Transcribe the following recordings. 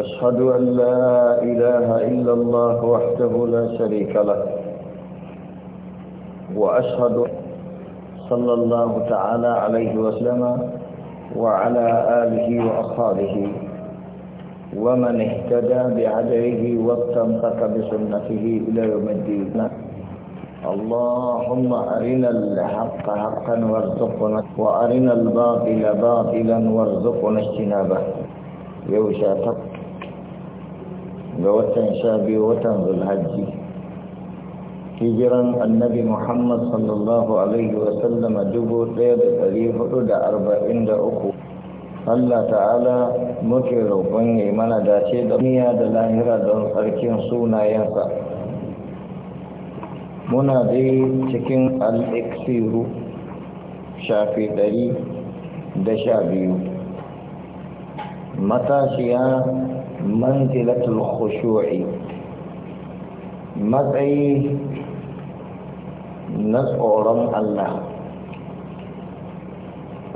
أشهد أن لا إله إلا الله وحده لا شريك له وأشهد صلى الله تعالى عليه وسلم وعلى آله وأصحابه ومن اهتدى بعديه واستمسك بسنته إلى يوم الدين اللهم أرنا الحق حقا وارزقنا وأرنا الباطل باطلا وارزقنا اجتنابه يوشع تقوى ga watan sha biyu watan zulhajji hijiran annabi muhammad sallallahu alaihi wasallama dubu ɗaya da dari hudu da arba'in da uku allah ta'ala muke roƙon ya mana dace da duniya da lahira don tsarkin sunayensa muna dai cikin al'iksiru shafi ɗari da sha biyu matashiya manzilatul khushu'i matsayi na tsoron Allah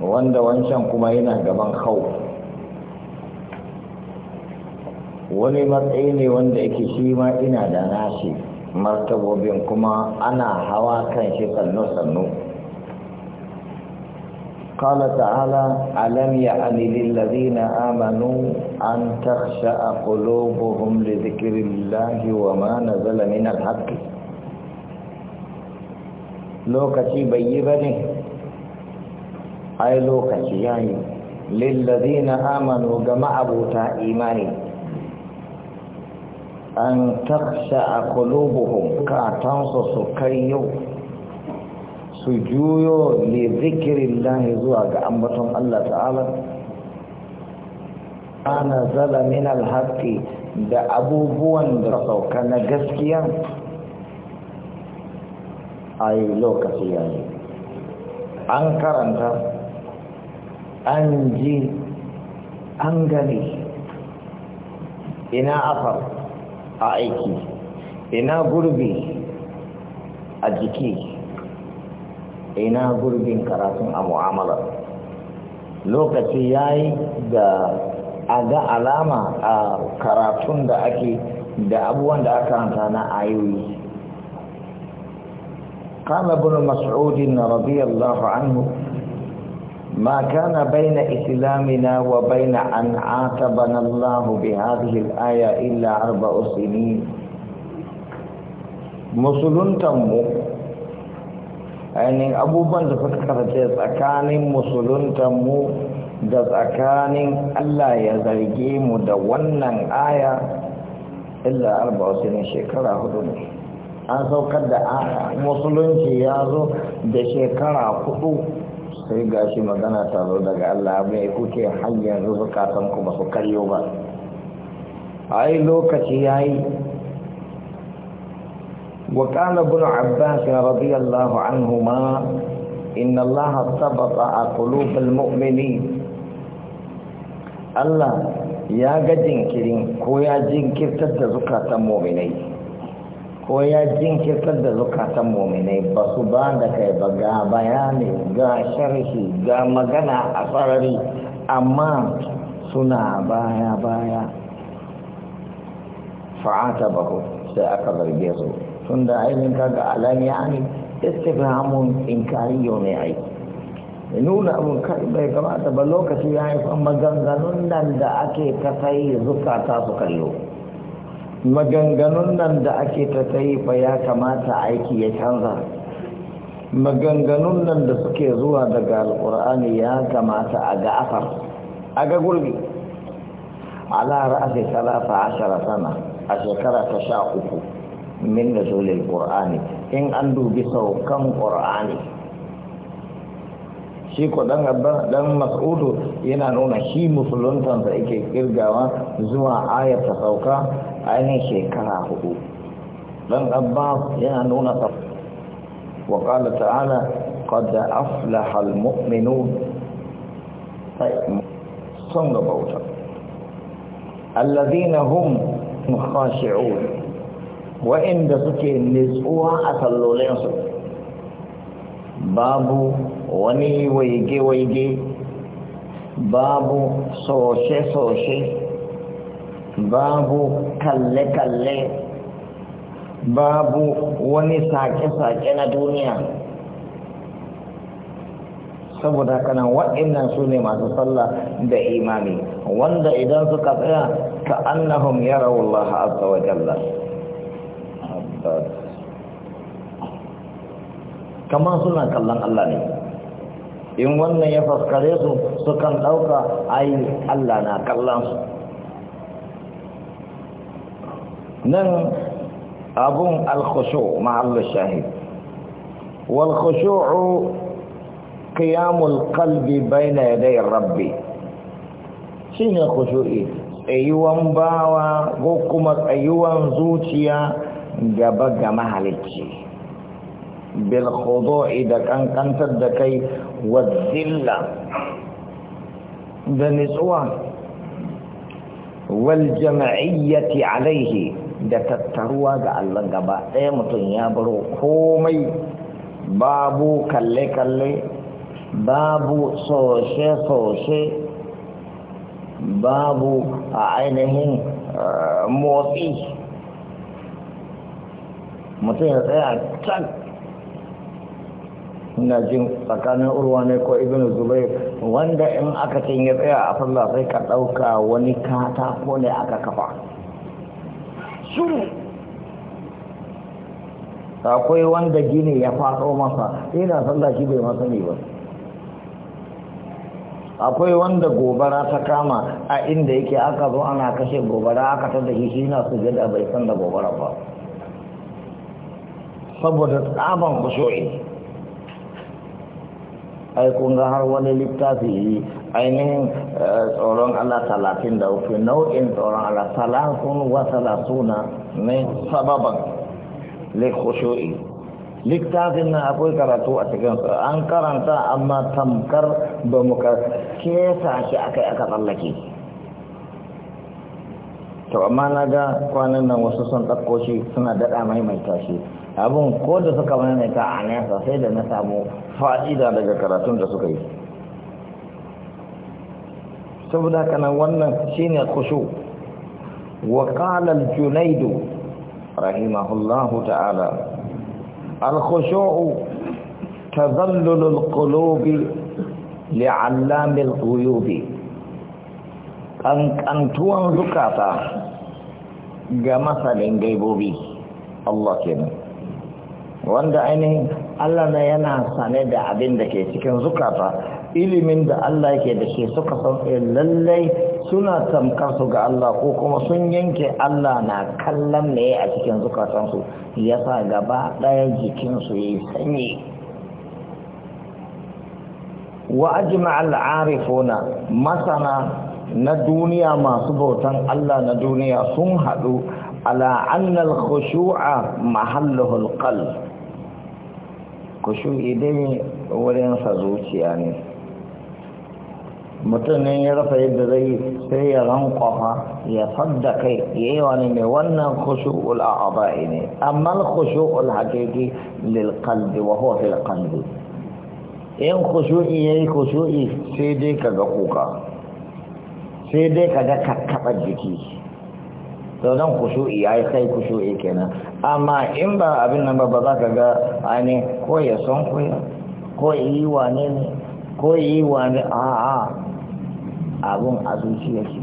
wanda wancan kuma yana gaban hau wani matsayi ne wanda yake shi ma ina da nashi martabobin kuma ana hawa kan shi sannu-sannu قال تعالى ألم يعن للذين آمنوا أن تخشع قلوبهم لذكر الله وما نزل من الحق لوكتي بيبني أي لوكتي يعني للذين آمنوا جمع بوتا إيماني أن تخشع قلوبهم كاتنصص كريو su juyo zikirin lahi zuwa ga ambaton Allah ta'ala ana zala min alhaqi da abubuwan da sauka na gaskiya a yi lokaci yayi an karanta an ji an gani ina afar a aiki ina gurbi a jiki ina gurbin karatun a mu'amala. lokaci ya yi da a ga alama a karatun da ake da abubuwan da aka ranta na ayoyi kama bin mas'udin na radiyallahu anhu ma kana baina islamina wa baina an bana Allah bi hadhihi al-aya illa arba'u sinin musulun tammu ainihin abubuwan da suka kasance tsakanin mu da tsakanin Allah ya zarge mu da wannan aya illa arba ne shekara hudu ne an saukar da musulunci ya zo da shekara hudu sai gashi magana ta zo daga Allah mai kuke hanyar zukatan kuma su karyo ba A yi lokaci ya yi. وقال ابن عباس رضي الله عنهما إن الله a kulubal المؤمنين allah ya ga jinkirin ko ya jinkirtar da zukatan mominai ko ya jinkirtar da zukatan mominai ba su ba da kai ga bayani ga sharhi ga magana a sarari amma suna baya baya fa'ata bahu sai aka zarge su tun da ainihin kaga alani ya ne istifhamun inkariyo mai aiki nuna abun kai bai kamata ba lokaci ya haifar maganganun nan da ake ta sai zukata su kallo maganganun nan da ake ta sai ya kamata aiki ya canza maganganun nan da suke zuwa daga Alƙur'ani ya kamata a ga asar a ga gurbi ala ra'asi talata ashara sana a shekara ta sha uku min nuzulil qur'ani in an dubi saukan qur'ani shi ko dan dan mas'udu yana nuna shi musuluntan da yake kirgawa zuwa ayar ta sauka ainihin shekara hudu dan abba yana nuna ta wa qala ta'ala qad aflaha al-mu'minun sun ga bauta alladhina hum khashi'un wa'inda suke nitsuwa a sallolinsu babu wani waige-waige babu soshe-soshe babu kalle-kalle babu wani sake-sake na duniya saboda kana waɗannan su ne masu sallah da imani wanda idan suka tsaya ka annahum yarawullah azza wa jalla kamar suna kallon Allah ne in wannan ya faskare su su kan dauka ai Allah na kallon su nan abun al alkhushu ma'allu shahid wal khushu'u qiyamul qalbi bayna yaday rabbi shine khushu'i ayuwan bawa ko kuma ayuwan zuciya gaba ga mahalicci bil khudu'i da kankantar da kai wa zilla da nitsuwa wal jama'iyyati alaihi da tattaruwa ga Allah gaba ɗaya mutum ya baro komai babu kalle-kalle babu soshe-soshe babu a ainihin eh, motsi mutum ya tsaya can ina jin tsakanin urwa ne ko ibn zubair wanda in aka ce ya tsaya a sallah sai ka ɗauka wani katako ne aka kafa shuru akwai wanda gini ya faɗo masa ina sallah shi bai masani ba akwai wanda gobara ta kama a inda yake aka zo ana kashe gobara aka tada shi shi na sujada bai san da gobara ba saboda tsaban kusuri ai kun ga har wani littafi ainihin eh, tsoron Allah talatin da uku nau'in tsoron Allah talatin wa talatuna ne sababan le littafin na akwai karatu a cikin an karanta amma tamkar ba mu ka kesa shi akai aka tsallake to amma na ga kwanan nan wasu sun ɗauko shi suna daɗa maimaita shi abin ko da suka maimaita a nesa sai da na samu fa'ida daga karatun da suka yi saboda kanan wannan shine kushu wa qala al rahimahullahu ta'ala al-khushu' تذلل القلوب لعلام الغيوب kankantuwan zukata ga masalin gaibobi Allah kenan wanda ainihin Allah na yana sane da abin da ke cikin zukata ilimin da Allah yake da shi suka san eh, lallai suna tamkar su ga Allah ko kuma sun yanke Allah na kallon ne a cikin zukatansu ya sa gaba ɗaya jikinsu ya yi sanyi wa ajima al'arifuna masana na duniya masu bautan Allah na duniya sun haɗu ala annal khushu'a mahalluhul qalb kushu'i dai wurinsa zuciya ne mutum ne ya rufe yadda zai sai ya rankwafa ya sadda kai ya yi wani mai wannan kushu'ul a'aba'i ne amma kushu'ul haƙiƙi lil qalbi wa huwa fil qalbi in kushu'i yayi kushu'i sai dai kaga kuka sai dai kaga kakkaɓar jiki sauran kushu'i ya kai kushu'i kenan amma in ba abin nan ba ba za ka ga ainihin ko ya son kuya ko yi wane ne ko yi wane a a abin a zuciya ce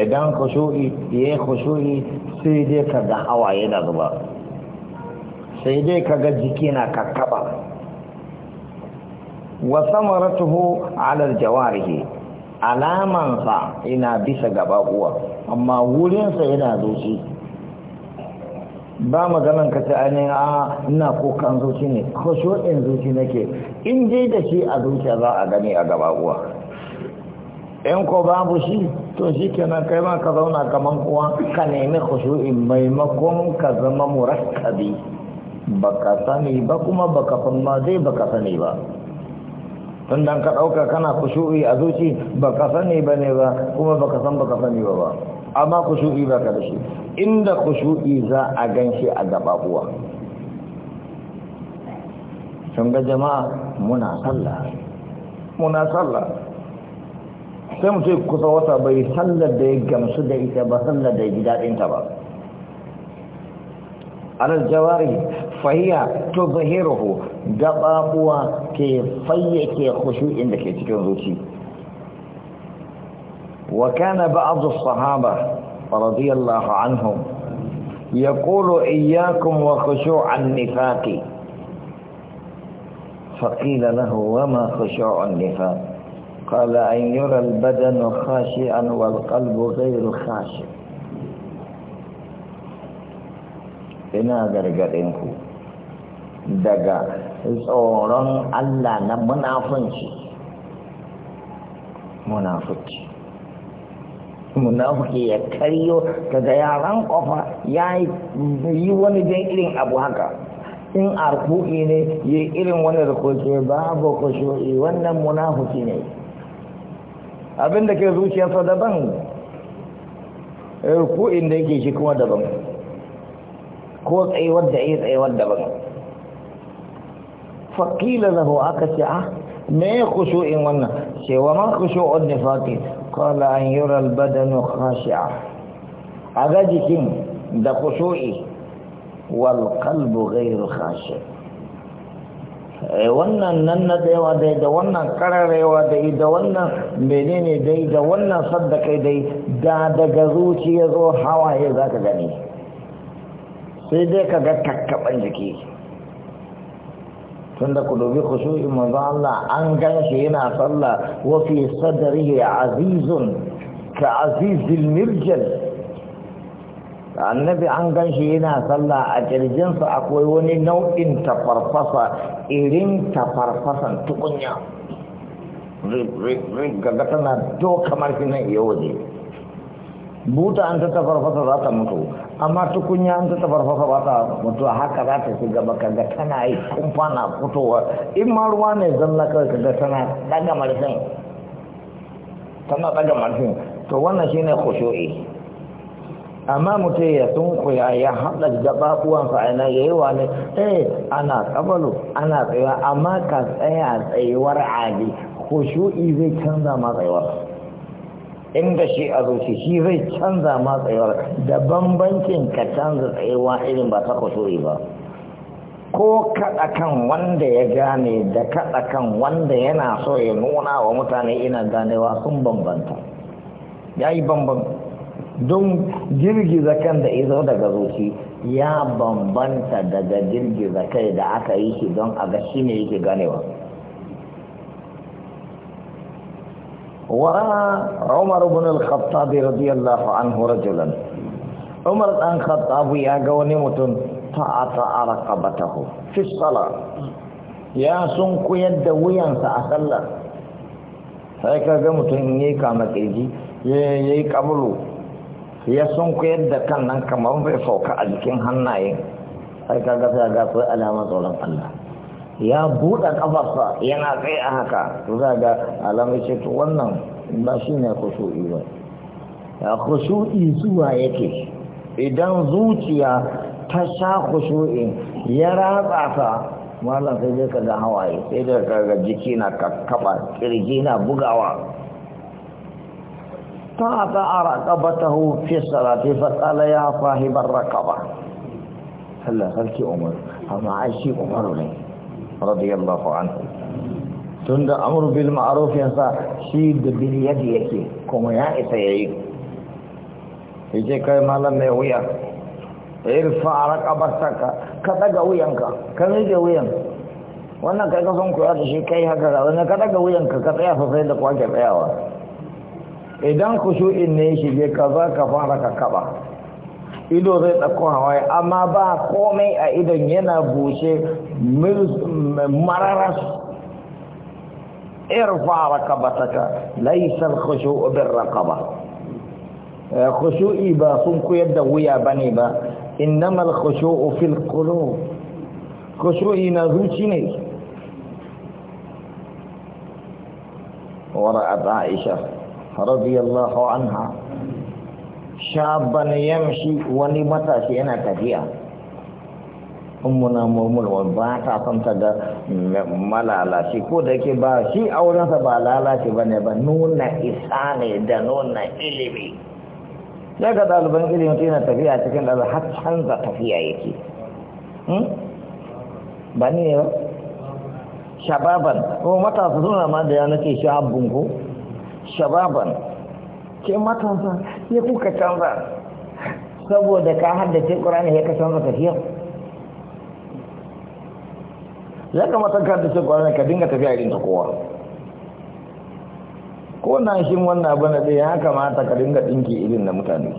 idan kushu'i ya yi kushu'i sai dai ka ga hawaye na zuba sai dai ka ga jiki na kakkaba wa samaratuhu alal jawarihi alamansa yana bisa gaba kuwa amma wurinsa yana zuci ba maganan ka ainihin a ah, ina kokan zuci ne ko in zuci nake in je da shi a zuciya za a gani a gaba kuwa in ko babu shi to shi kenan kai ma ka zauna kaman kuwa ka nemi khushu'in maimakon ka zama murakabi. Ba ka sani ba kuma ba ka fama zai ba ka sani ba tunda ka ɗauka kana kushu'i a zuci ba ka sani ba ne ba kuma ba ka san ba ka sani ba ba amma kushu'i ba ka da shi inda kushu'i za a gan shi a gaba kuwa sun ga jama'a muna sallah muna sallah sai mu ce kusa wata bai sallar da ya gamsu da ita ba sallar da ya ji daɗinta ba alal jawari fahiya zahiruhu gababuwa ke fayyace khushu'in da ke cikin zuci wa kana ba'd as-sahaba radiyallahu anhum yaqulu iyyakum wa khushu'an nifaqi فقيل له وما خشوع النفاق قال أن يرى البدن خاشعا والقلب غير خاشع إنا درجة إنكو دقاء tsoron Allah na munafunci munafunci munafuki ya karyo daga yaran kofa ya yi wani don irin abu haka in arkuki ne ya irin wani rukuki babu kusho'i wannan munafuki ne abin da ke zuciyarsa daban ko da yake shi kuma daban ko tsayuwar da ya tsayuwar daban فقيل له أكسع ما خشوع منا وما خشوع النفاق قال أن يرى البدن خاشعا أغاجك ده خشوعي والقلب غير خاشع wannan nan na tsayawa dai da wannan kararewa dai da wannan menene dai da wannan saddakai dai da daga zuciya zo hawaye za ka gani sai dai ka ga takkaban jiki tunda ku dubi khushu'in manzo Allah an gan shi yana sallah wa fi sadrihi azizun ka azizil mirjal annabi an gan shi yana sallah a kirjinsa akwai wani nau'in tafarfasa irin tafarfasan tukunya ga tana do kamar kinan iya waje buta an ta tafarfasa za ta mutu amma tukunya an ta tafarfasa ba ta mutu haka za ta shiga ba kaga tana yi kumfa na fitowa in ma ruwa ne na kawai kaga tana daga marfin tana daga marfin to wannan shine khushu'i amma mutum ya kuya ya haɗa gaba uwansa a yana yayi wani eh ana kabalu ana tsayawa amma ka tsaya tsayuwar ali khushu'i zai canza ma tsayuwar inda shi a zuci shi zai canza ma tsayuwar da bambancin ka canza tsayuwa irin ba ta kusuri ba ko kaɗa kan wanda ya gane da kaɗa kan wanda yana so ya nuna wa mutane ina ganewa sun bambanta ya yi bamban don girgiza kan da izo daga zuci ya bambanta daga girgiza kai da aka yi shi don a ga shi ne yake ganewa وراى عمر بن الخطاب رضي الله عنه رجلا عمر بن الخطاب يا غوني متون تعطى رقبته في الصلاه يا سنكو يد ويانسا a sallah sai kaga mutum yayi kama kirji yayi kabulu ya sunku yadda kan nan kamar bai sauka a jikin hannayen sai kaga sai ga alama tsoron Allah ya buɗe ƙafarsa yana tsaye a haka za ga alamai ce to wannan ba shi ne kusuri ba ya kusuri zuwa yake idan zuciya ta sha kusuri ya ratsa ta malam sai zai ka hawaye sai da ka ga jiki na kakkaba kirji na bugawa ta ta ara qabatahu fi salati fa tsala ya fahimar raqaba Allah sarki Umar amma ai shi ne radiyallahu anhu tunda amru bil ma'aruf yasa shi da bil yadi yake kuma ya isa yayi yace kai malam mai wuya irfa raqabataka ka daga wuyanka ka rage wuyan wannan kai ka son koya da shi kai haka ga wannan ka daga wuyanka ka tsaya sosai da kwake tsayawa idan kushu'in ne shige ka za ka fara ka kaba ido zai tsakko hawaye amma ba komai a idan yana bushe mararas irfa rakabataka laysal khushu'u bir raqaba khushu'i ba sun koyar da wuya bane ba innamal khushu'u fil qulub khushu'i na zuci ne ورأت عائشة رضي radiyallahu anha shaban yamshi wani matashi yana tafiya ummuna murmurwa ba ta son ta ga malalashi ko da yake ba shi aurensa ba lalace ba ne ba nuna isa ne da nuna ilimi ya ga ɗaliban ilimi ta yana tafiya cikin da har canza tafiya yake hmm? ba ne ba shababan ko matasa suna ma da ya nake shabun ko shababan ke matansa sai kuka canza saboda ka haddace ƙurani ya ka canza tafiya. ya kamata ka haddace ƙurani ka dinga tafiya irin ta kowa ko na shi wannan abu na ɗaya ya kamata ka dinga ɗinki irin na mutane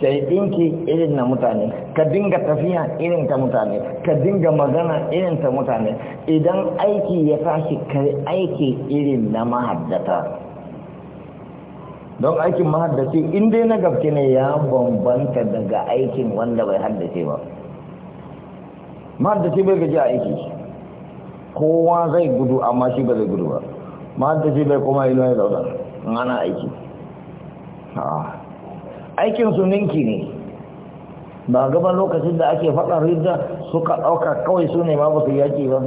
ka yi ɗinki irin na mutane ka dinga tafiya irin ta mutane ka dinga magana irin ta mutane idan aiki ya tashi ka aiki irin na mahaddata don aikin mahaddace in dai na gaske ne ya bambanta daga aikin wanda bai haddace ba mahaddace bai gaji a aiki kowa zai gudu amma shi ba zai gudu ba mahaddace bai koma ilo ya zauna in ana aiki aikin su ninki ne ba gaban lokacin da ake faɗa ridda suka ɗauka kawai su ne ma ba su yaki ba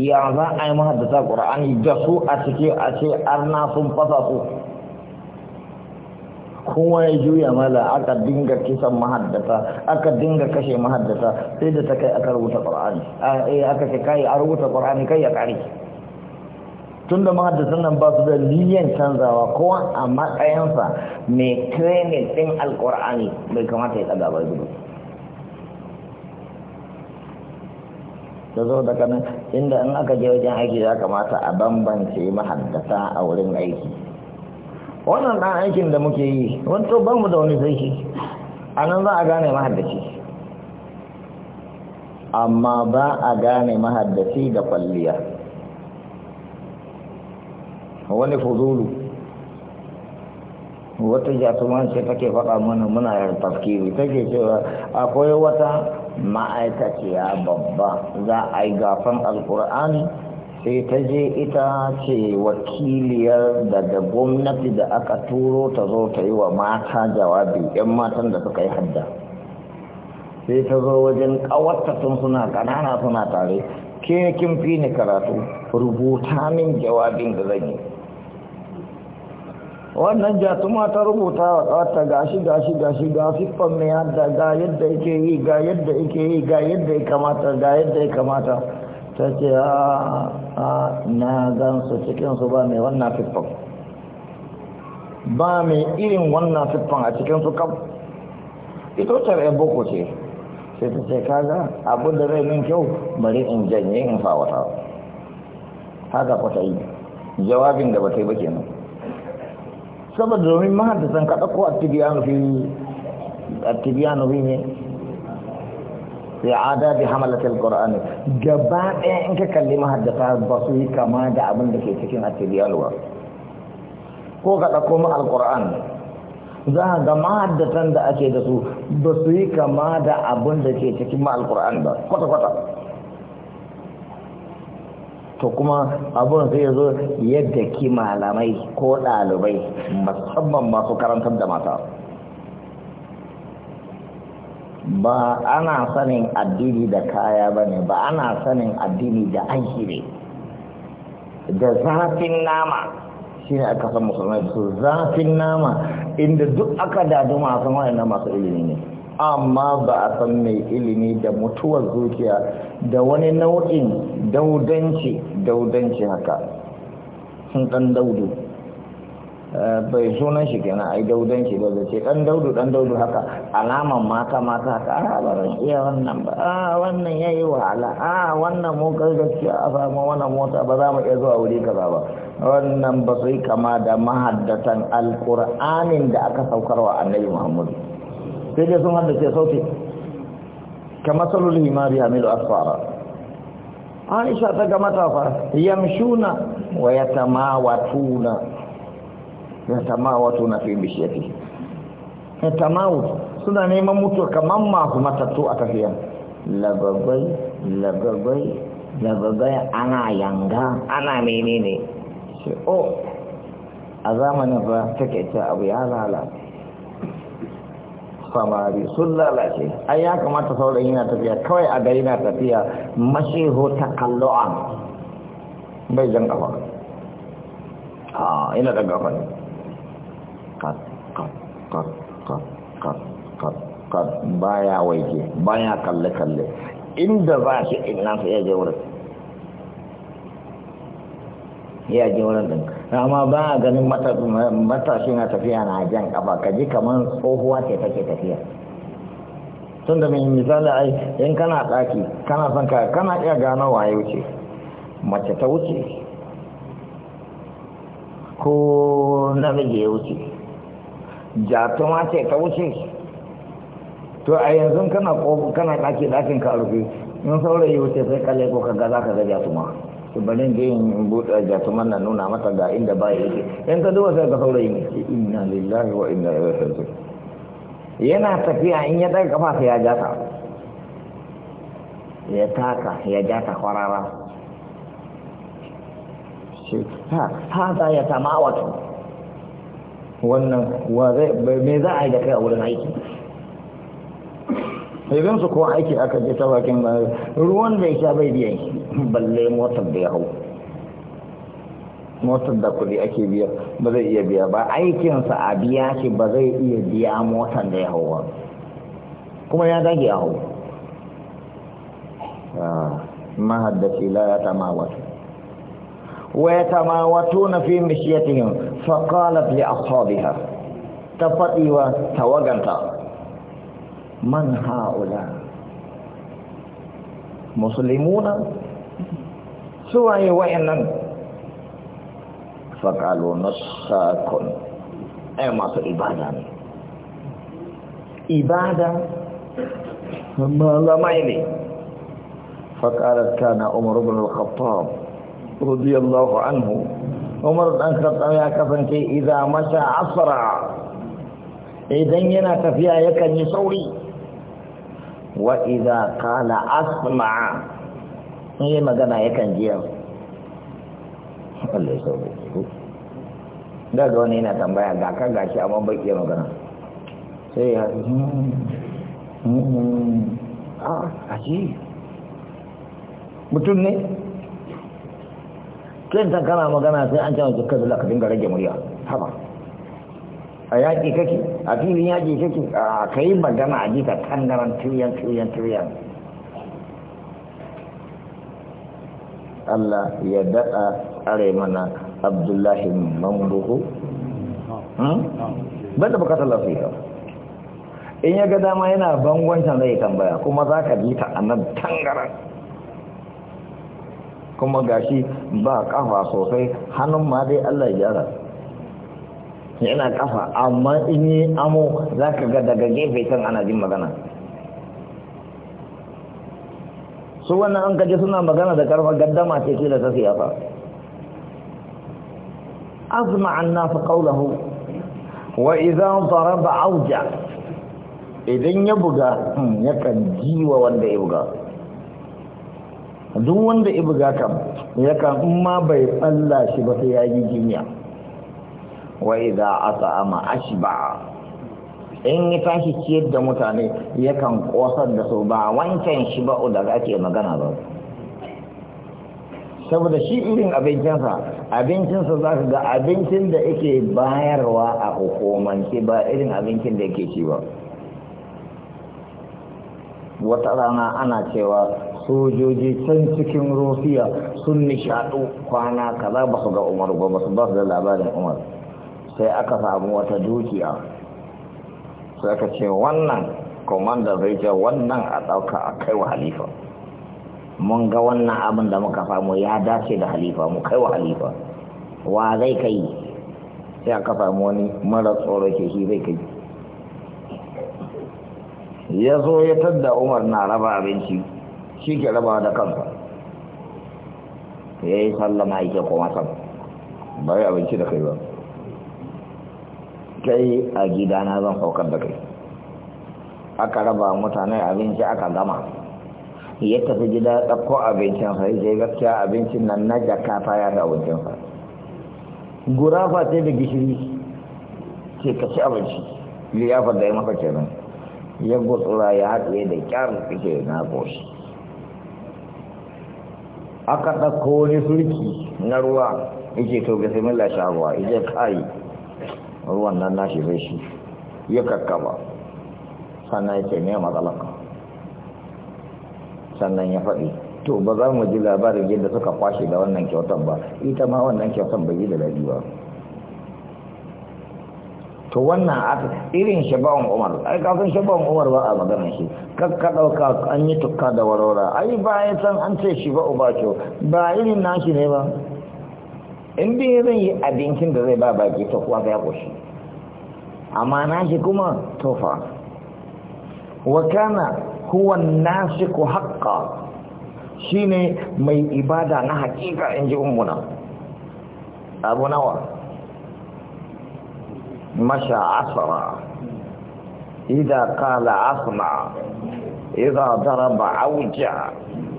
ya za a yi mahaddata ƙura'ani da su a cike a ce arna sun fasa su kowa ya juya mala aka dinga kisan mahaddata aka dinga kashe mahaddata sai da ta kai aka rubuta qur'ani eh aka ce kai a rubuta qur'ani kai ya kare tunda mahaddatan nan ba su da liyan canzawa kowa a matsayinsa mai training ɗin alqur'ani bai kamata ya daga ba gudu da zo daga nan inda in aka je wajen aiki ya kamata a bambance mahaddata a wurin aiki wannan ɗan aikin da muke yi wato ban mu da wani zai a nan za a gane mahaddaci amma ba a gane mahaddaci da kwalliya wani fuzulu wata jatuman ce take faɗa mana muna yar tafkiri take cewa akwai wata ma'aikaciya babba za a yi gafan alkur'ani sai ta je ita ce wakiliyar daga gwamnati da aka turo ta zo ta yi wa mata jawabi 'yan matan da suka yi hadda sai ta zo wajen ƙawarta sun suna ƙanana suna tare ke kin fi ni karatu rubuta min jawabin da zan yi wannan jatuma ta rubuta wa ƙawarta gashi gashi gashi ga siffan mai hadda ga yadda yake yi ga yadda yake yi ga yadda ya kamata ga yadda ya kamata ta ce a na gansu cikinsu ba mai wannan fiffan ba mai irin wannan fiffan a cikinsu kam ito rai boko ce sai ta ce kaga a da zai min kyau bari in janye in fawata haka kwata yi jawabin da ba ta yi ba kenan saboda domin mahadisan kaɗa ko a tibiyanu fi ne li'ada bi hamalatil qur'ani gaba ɗaya in ka kalli mahaddasa ba su yi kama da abin da ke cikin atibiyal ba ko ka ɗauko mu alqur'an za ka ga mahaddasan da ake da su ba su yi kama da abin da ke cikin ma alqur'an ba kwata kwata to kuma abun zai ya zo yadda ki malamai ko ɗalibai musamman masu karantar da mata ba ana sanin addini da kaya ba ne ba ana sanin addini da aiki ne da zafin nama shi ne aka san musulmai su zafin nama inda duk aka dadu masu na masu ilimi ne amma ba a san mai ilimi da mutuwar zuciya da wani nau'in daudanci daudanci haka sun ɗan daudu bai sunan shi kenan ai daudan ke ba ce dan daudu dan daudu haka alaman mata mata haka a ah, baran iya wannan ba a ah, wannan yayi wahala a ah, wannan mu kai gaskiya a samu wannan mota ba za mu iya zuwa wuri kaza ba wannan ba sai kama da mahaddatan alqur'anin da aka saukarwa annabi muhammad sai dai sun haddace sauti kama salul himari hamilu asfara aisha ta ga matafa yamshuna wa yatamawatuna na fi Tama yatamawut suna neman mutuwa kamar masu matattu a tafiya lagabai lagabai lagabai ana yanga ana menene ce o oh, a zamanin ba take ta abu ya lalace samari sun lalace ai ya kamata saurayi na tafiya kawai a gari na tafiya masheho ta kallo'an bai jan kafa ah, ina da gafa ne kat kat kat kat, kat kat kat baya waje baya kalle kalle inda ba shi inna sai ya je wurin ya je wurin din amma ba mata ganin shi na tafiya na jan ka kaji kamar tsohuwa ce take tafiya tun da mai misali ai in kana ɗaki kana son ka kana iya gano waye wuce mace ta wuce ko namiji ya wuce jatuma ce ta wuce to a yanzu kana kana ɗaki ɗakin ka rufe in saurayi wuce sai kalle ko kaga za ka ga jatuma to bari je yin buɗe ma na nuna mata ga inda ba yake in ka duba sai ka saurayi ne inna lillahi wa inna ilaihi raji'un yana tafiya in ya ɗaga kafa sai ya jata ya taka ya jata kwarara shi ha ta ya wato. wannan wa zai me za a yi da kai a wurin aiki idan su kuwa aiki aka je ta bakin ruwan da ya sha bai biya shi balle motar da ya hau motar da kuɗi ake biya ba zai iya biya ba aikinsa a biya shi ba zai iya biya motar da ya hau ba kuma ya dage ya hau ah, mahaddaci la ya tama wata ويتماوتون في مشيتهم فقالت لأصحابها تفتي وتوغنت من هؤلاء مسلمون سوى وإن فقالوا نساكن أيما ما إبادة إبادة ما لمعيني فقالت كان عمر بن الخطاب radiyallahu anhu Umar dan Khattab ya kasance idza masha asra idan yana tafiya yakan yi sauri wa idza qala asma ne magana yakan jiya Allah ya sauri da ga wani yana tambaya ga kan gashi amma bai iya magana sai ya a ashe mutum ne clinton kana magana sai an cewa dukkan da ka dinga rage murya haba a yaƙi kake a filin yaƙi kake a ka yi magana a jika tangaran tiriyan tiriyan tiriyan Allah ya daɗa are mana Abdullahi Mambuhu? Hmm? Ban da bukatar lafiya. In ya ga dama yana bangon can zai tambaya kuma za ka ji a nan tangaran. kuma gashi ba kafa sosai hannun ma dai Allah ya gyara yana kafa amma in yi amo za ka ga daga gefe can ana jin magana su wannan an kaji suna magana da karfa gaddama ce ke da ta siyasa azma an nafi kaulahu wa idan ba auja idan ya buga ya hmm, yakan jiwa wanda ya buga duk wanda buga kam ya kan ma bai tsalla shi ba sai ya yi jinya wa idza at'ama ashba in ya tashi ciyar da mutane yakan kosar da su ba wancan shi ba da ake magana ba saboda shi irin abincinsa abincinsa za ka ga abincin da yake bayarwa a hukumance ba irin abincin da yake ci ba wata rana ana cewa sojoji can cikin rufiya sun nishaɗu kwana kaza ba su ga umar ba ba su ba su da labarin umar sai aka samu wata dukiya sai aka ce wannan komanda zai ce wannan a ɗauka a kai wa halifa mun ga wannan abin da muka samu ya dace da halifa mu kai wa halifa wa zai kai sai aka samu wani mara tsoro ke shi zai kai ya zo ya tadda umar na raba abinci shi ke rabawa da kansa ya yi sallama yake kuma sam ba ya abinci da kai ba kai a gidana zan saukar da kai aka raba mutane abinci aka gama ya tafi gida ɗakko abincinsa ya zai gaskiya abincin nan na jaka ta ya ga abincinsa gurafa ce da gishiri ce ka ci abinci liyafar da ya maka kenan ya gutsura ya haɗe da kyar suke na goshi aka ɗauko wani sulki na ruwa yake to ga simila sha ruwa ije kai ruwan nan nashi zai shi ya kakkaba sannan yake ne matsalaka sannan ya faɗi to ba za mu ji labarin yadda suka kwashe da wannan kyautar ba ita ma wannan kyautar bai yi da dadi ba to wannan irin shaban umar ai kafin shaban umar ba a maganar shi kakka ɗauka an yi tukka da warwara ai ba ya san an ce shi ba ubacho ba irin nashi ne ba in bi zai yi abincin da zai ba baki ta kuwa ya ƙoshi amma nashi kuma tofa Wakana, kana nashi ku haƙƙa shi ne mai ibada na haƙiƙa in ji umuna abu nawa masha asara إذا قال أصنع إذا ضرب أوجع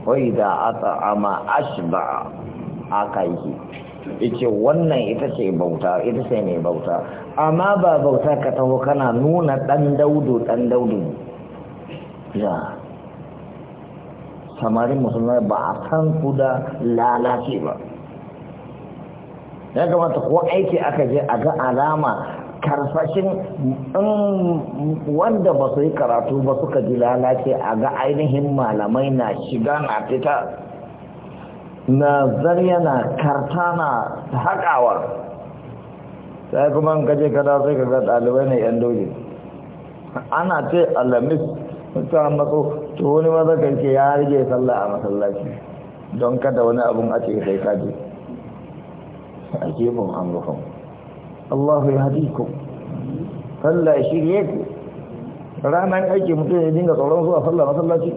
وإذا أطعم أشبع أقيه yace wannan ita ce bauta ita ce mai bauta amma ba bauta ka taho kana nuna dan daudu dan daudu ya samarin musulmai ba a san ku da lalace ba ya kamata ko aiki aka je a ga alama karsashin wanda ba su yi karatu ba suka ji lalace a ga ainihin malamai na shiga na fita na zarya na karta na haƙawa sai kuma gaje kada sai ka ga ɗalibai na yan doji ana ce alamis ta matso to wani maza ke ya rige sallah a masallaci don kada wani abin a ce sai kaji a kefin an rufin Allah ya hadiku Allah ya shirye ku ranar aiki mutum ya dinga tsoron zuwa sallah masallaci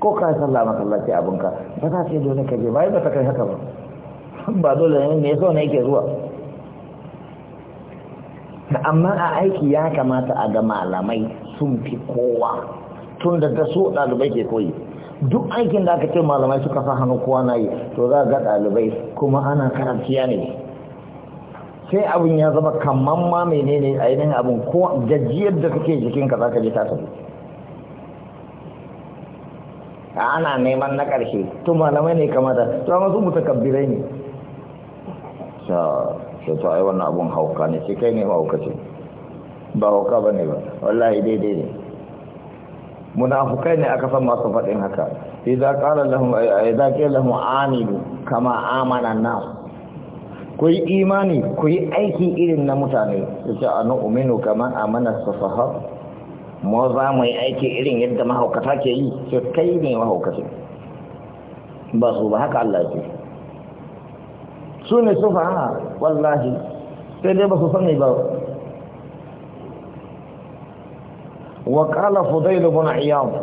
ko ka yi sallah masallaci abinka ba za yi dole ka je ba yi ba ta kai haka ba ba dole ne me so ne yake zuwa amma a aiki ya kamata a ga malamai sun fi kowa tun da da su ɗalibai ke koyi duk aikin da aka ce malamai suka sa hannu kowa na yi to za ga ɗalibai kuma ana karantiya ne sai abin ya zama kamar ma menene ainihin abin ko gajiyar da kake ka za ka je ta tafi ana neman na ƙarshe to malamai ne kamata to amma su mutakabbirai ne sai to ai wannan abun hauka ne sai kai ne ma hauka ce ba hauka ba ne ba wallahi daidai ne munafukai ne aka san masu faɗin haka idza qala lahum idza qila lahum amilu kama amana nas ku yi imani ku yi aiki irin na mutane su ce anu uminu kama amana safaha mu za mu yi aiki irin yadda mahaukata ke yi ce kai ne mahaukacin ba su ba haka Allah ce su ne su fara wallahi sai dai ba su sani ba wa qala fudail ibn iyad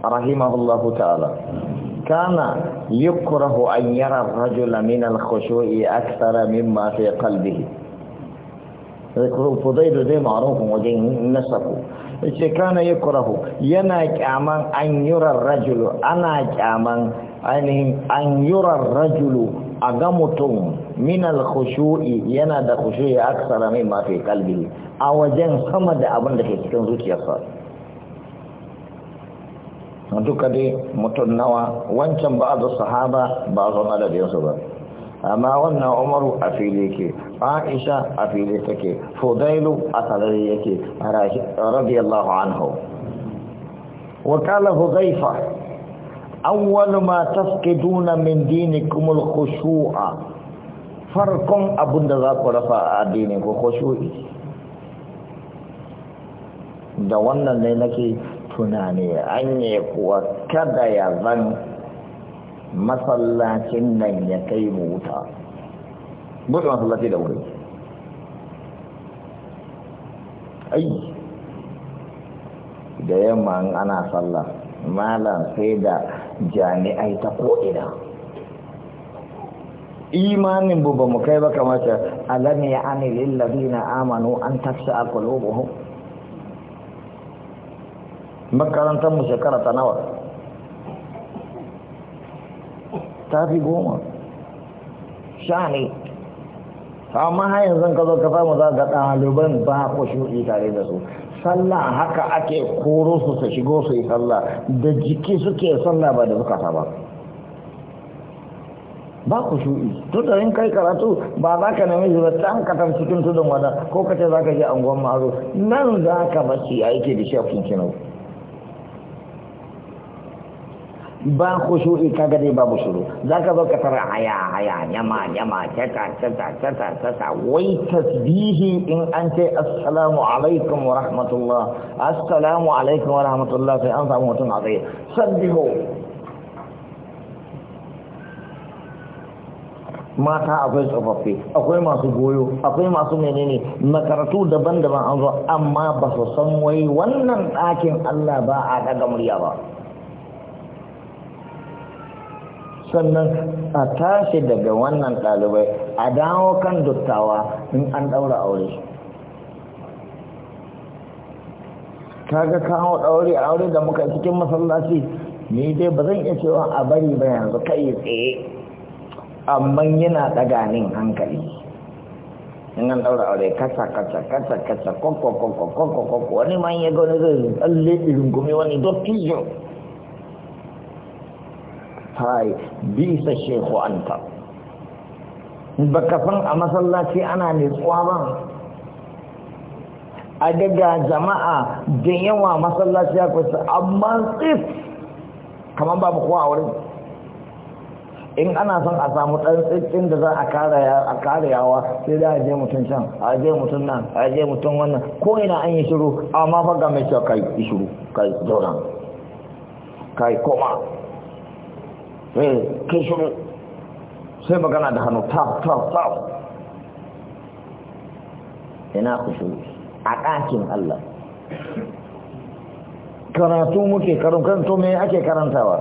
rahimahullahu ta'ala كان يكره أن يرى الرجل من الخشوع أكثر مما في قلبه ذكروا فضيل ذي معروف وذي نسبه إذا كان يكره ينا كامان أن يرى الرجل أنا كامان أن أن يرى الرجل أقامتم من الخشوع ينا ده خشوع أكثر مما في قلبه أو جن خمد أبن ده كنزوك يصار duka dai mutum nawa wancan ba da sahaba ba zon adadinsu ba amma wannan umaru a fili ke aisha a fili take fudailu a sarari yake radiyallahu anhu wakala huzaifa awwalu ma tafkiduna min kuma al-khushu'a farkon abinda za ku rafa a addini ko khushu'i da wannan ne nake tunani an yi kuwa kada ya zan masallacin nan ya kai mu wuta buɗe masallaci da wuri ai da yamma ana sallah malam sai da jami'ai ta ko'ina imanin bu ba mu kai ba kamata alam ya ani lillazina amanu an tafsa qulubuhum makarantar mu shekara ta nawa ta fi goma sha ne amma har yanzu ka zo ka samu za ga ɗaliban ba ku shuɗi tare da su sallah haka ake koro su su shigo su yi sallah da jiki suke sallah ba da zukata ba ba ku shuɗi tun da yin kai karatu ba za ka nemi ba can katar cikin tudun wada ko kace za ka je anguwan ma'azo nan za ka bashi aiki da shafin kinau ba khushu'i kaga dai babu shiru zaka zo ka tara haya haya nyama-nyama, tata tata tata tata wai tasbihi in an ce assalamu alaikum wa rahmatullah assalamu alaikum wa rahmatullah sai an samu mutum a tsaye sabbihu mata akwai tsofaffi akwai masu goyo akwai masu menene makarantu daban-daban an zo amma ba su san wai wannan ɗakin Allah ba a daga murya ba sannan a tashi daga wannan ɗalibai a dawo kan dottawa in an ɗaura aure kaga kawo ɗaure aure da muka cikin masallaci ni dai ba zan iya cewa a bari ba yanzu kai tsaye amma yana ɗaga nin hankali in an ɗaura aure kasa kasa kasa kasa kokko hai bisa shehu anta baka san a masallaci ana nutsuwa ba a daga jama'a da yawa masallaci ya kusa amma tsif kamar babu kowa a wurin in ana son a samu ɗan tsirkin da za a kare yawa sai da aje mutum can aje mutum nan aje mutum wannan ko ina an yi shiru amma fa ga mai cewa kai shiru kai zauna kai koma Eh, kai shiru sai magana da hannu ta ta ta ina kusuru a ɗakin Allah karatu muke karanto me ake karantawa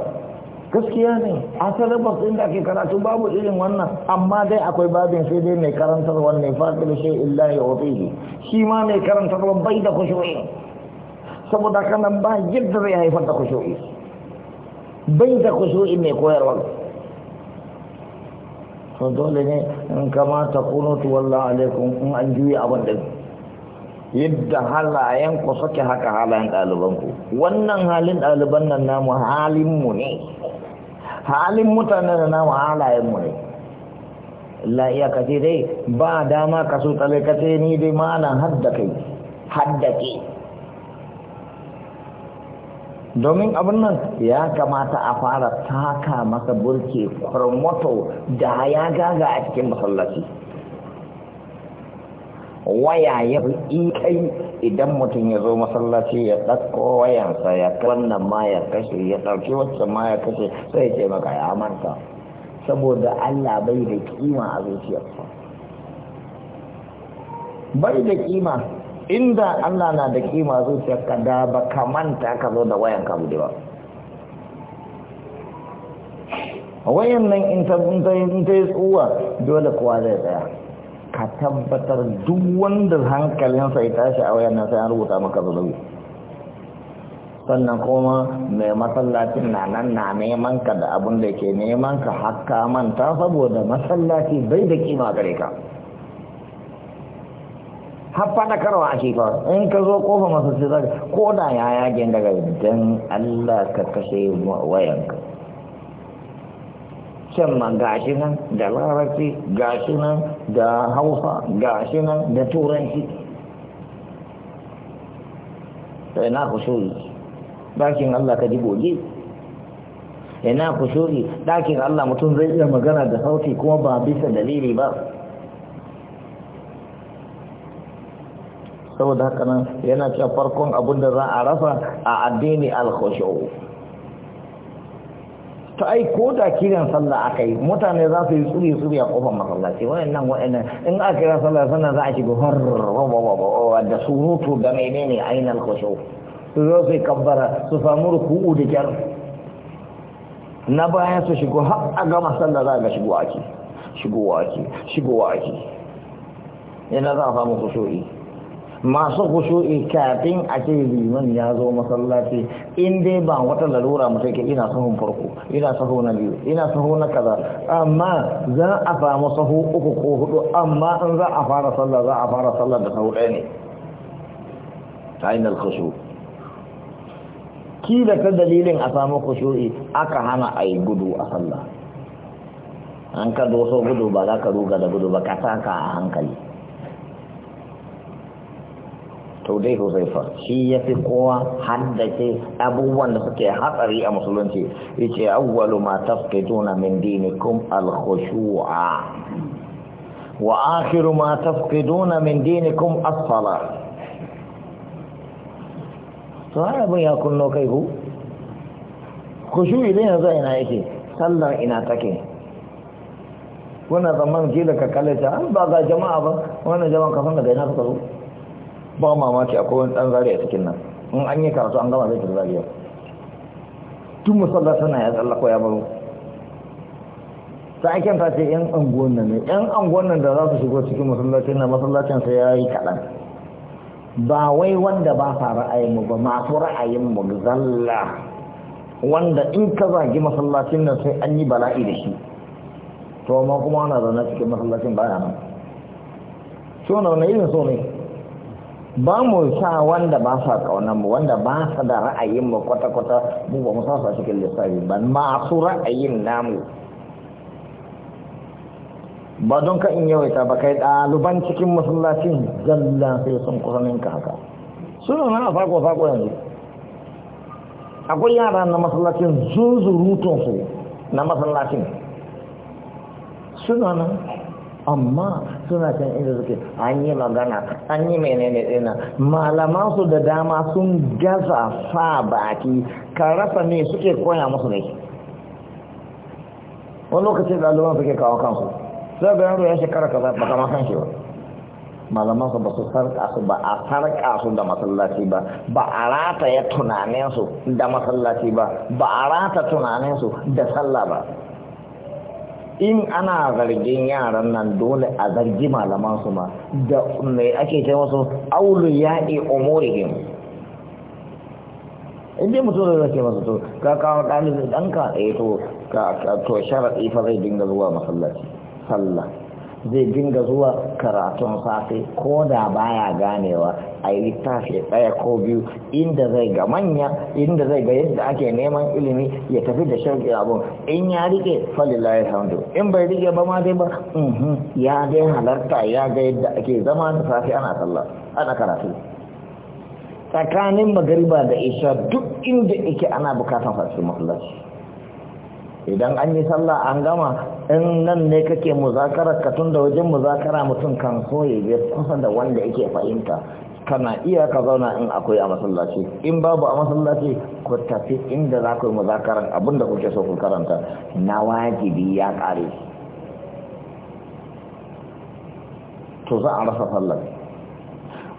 gaskiya ne ba su inda ake karatu babu irin wannan amma dai akwai babin sai dai mai karantar wannan fadil shi illa ya otihi shi ma mai karantar bai da kushu'i saboda kanan ba yadda zai haifar da kushu'i bai da kusuri mai koyarwa to dole ne in kamata kunutu wallah alaikum in an juya abin da yadda halayen ku sake haka halayen ɗalibanku wannan halin ɗaliban nan namu mu ne halin mutanen da namu mu ne la iya kace dai ba dama ka so talakace ni dai ma nan hadda kai hadda ke domin abin nan ya kamata a fara taka masa burke kwarmoto da ya gaga a cikin masallaci waya ya fi kai idan mutum ya zo masallaci ya ɗauko wayansa ya wannan ma ya kashe ya ɗauki wacce ma ya kashe sai ce maka ya manta saboda Allah bai da kima a zuciyarsa bai da kima inda Allah na da kima zuciyarka da ba ka manta ka zo da wayan kabu bude ba wayan nan in ta yi tsuwa dole kuwa zai tsaya ka tabbatar duk wanda hankalinsa ya tashi a wayan nan sai an rubuta maka zuwa sannan kuma mai masallacin na nan na neman ka da abin da ke neman ka haka manta saboda masallaci bai da kima gare ka haffa na karawa a shekara in ka zo kofa masu ce zaka ko da ya yage daga don allah ka kashe wayanka can ma gashi nan da larabci gashi nan da hausa gashi nan da turanci sai na ku shuri dakin allah ka ji goge ina ku shuri dakin allah mutum zai iya magana da sauti kuma ba bisa dalili ba saboda haka nan yana cewa farkon abin da za a rasa a addini al-khushu ta ai ko da kiran sallah akai yi mutane za su yi tsuri tsuri a kofar masallaci wayannan wayannan in aka kira sallah sannan za a shiga har da surutu da menene al khushu su zo su kabbara su samu ruku'u da jar na baya su shigo har a gama sallah za ga shigo ake shigowa ake shigowa ake yana za a samu khushu'i masu kushu'i kafin a ce liman ya zo masallaci in dai ba wata lalura mutum ke ina sahun farko ina sahu na biyu ina sahu na kaza amma za a samu sahu uku ko hudu amma in za a fara sallah za a fara sallah da sahu ɗaya ne ta ainihin Ki da ta dalilin a samu kushu'i aka hana a yi gudu a sallah an ka doso gudu ba za ka ruga da gudu ba ka saka a hankali to dai huzaifa shi ya fi kowa haddace abubuwan da suke hatsari a musulunci ya ce awwalu ma tafqiduna min dinikum al-khushu'a wa akhiru ma tafqiduna min dinikum as-salat to har abin ya kunno kai ku khushu'i dai yanzu ina yake sallar ina take wannan zaman ji da ka kalata ba ga jama'a ba wannan jama'a kafin daga ina suka zo ba mamaki akwai wani ɗan zariya cikin nan in an yi karatu an gama zai zariya tun musalla suna ya tsalla ko ya baro ta kyan ta ce yan anguwan nan ne yan anguwan nan da za su shigo cikin masallacin na masallacin sai ya yi kaɗan ba wai wanda ba sa ra'ayinmu ba masu ra'ayinmu zalla wanda in ka zagi masallacin nan sai an yi bala'i da shi to amma kuma ana zaune cikin masallacin baya nan so na wani irin so ne ba mu sa wanda ba sa kaunar mu wanda ba sa da ra'ayin mu kwata-kwata mu ba mu sa su cikin lissafi ba masu ra'ayin namu ba don ka in yawaita ba kai ɗaliban cikin masallacin zalla sai sun kusanin ka haka suna na fako fako yanzu akwai yara na masallacin zuzu su na masallacin suna na amma suna can inda suke an yi magana an yi menene ɗina malaman su da dama sun gaza sa baki kan rasa ne suke koya musu ne wani lokacin ɗaliban suke kawo kansu sai ga yaro ya shekara kaza ba kama kan shi ba malaman su ba su sarƙa su ba a sarƙa su da masallaci ba ba a rata ya tunanin su da masallaci ba ba a rata tunanin su da sallah ba in ana zargin yaran nan dole a zargi malaman su ma da mai ake ce masu aulu ya'i umurihim in dai mutum da masu to ka kawo ɗalibin ɗanka ɗaya eh to ka to sharaɗi fa zai dinga zuwa masallaci sallah zai dinga zuwa karatun safe ko da baya ganewa a yi littafi ɗaya ko biyu inda zai ga manya inda zai ga yadda ake neman ilimi ya tafi da shauƙi abun in ya rike falilahi hamdu in bai rike ba ma dai ba ya dai halarta ya ga yadda ake zama da safe ana sallah ana karatu tsakanin magariba da isha duk inda ike ana bukatan fasir masallaci idan an yi sallah an gama in nan ne kake muzakara ka tun da wajen muzakara mutum kan so ya je kusa da wanda yake fahimta kana iya ka zauna in akwai a masallaci in babu a masallaci ku tafi inda za ku yi muzakaran abin da kuke so ku karanta na wajibi ya kare to za a rasa sallar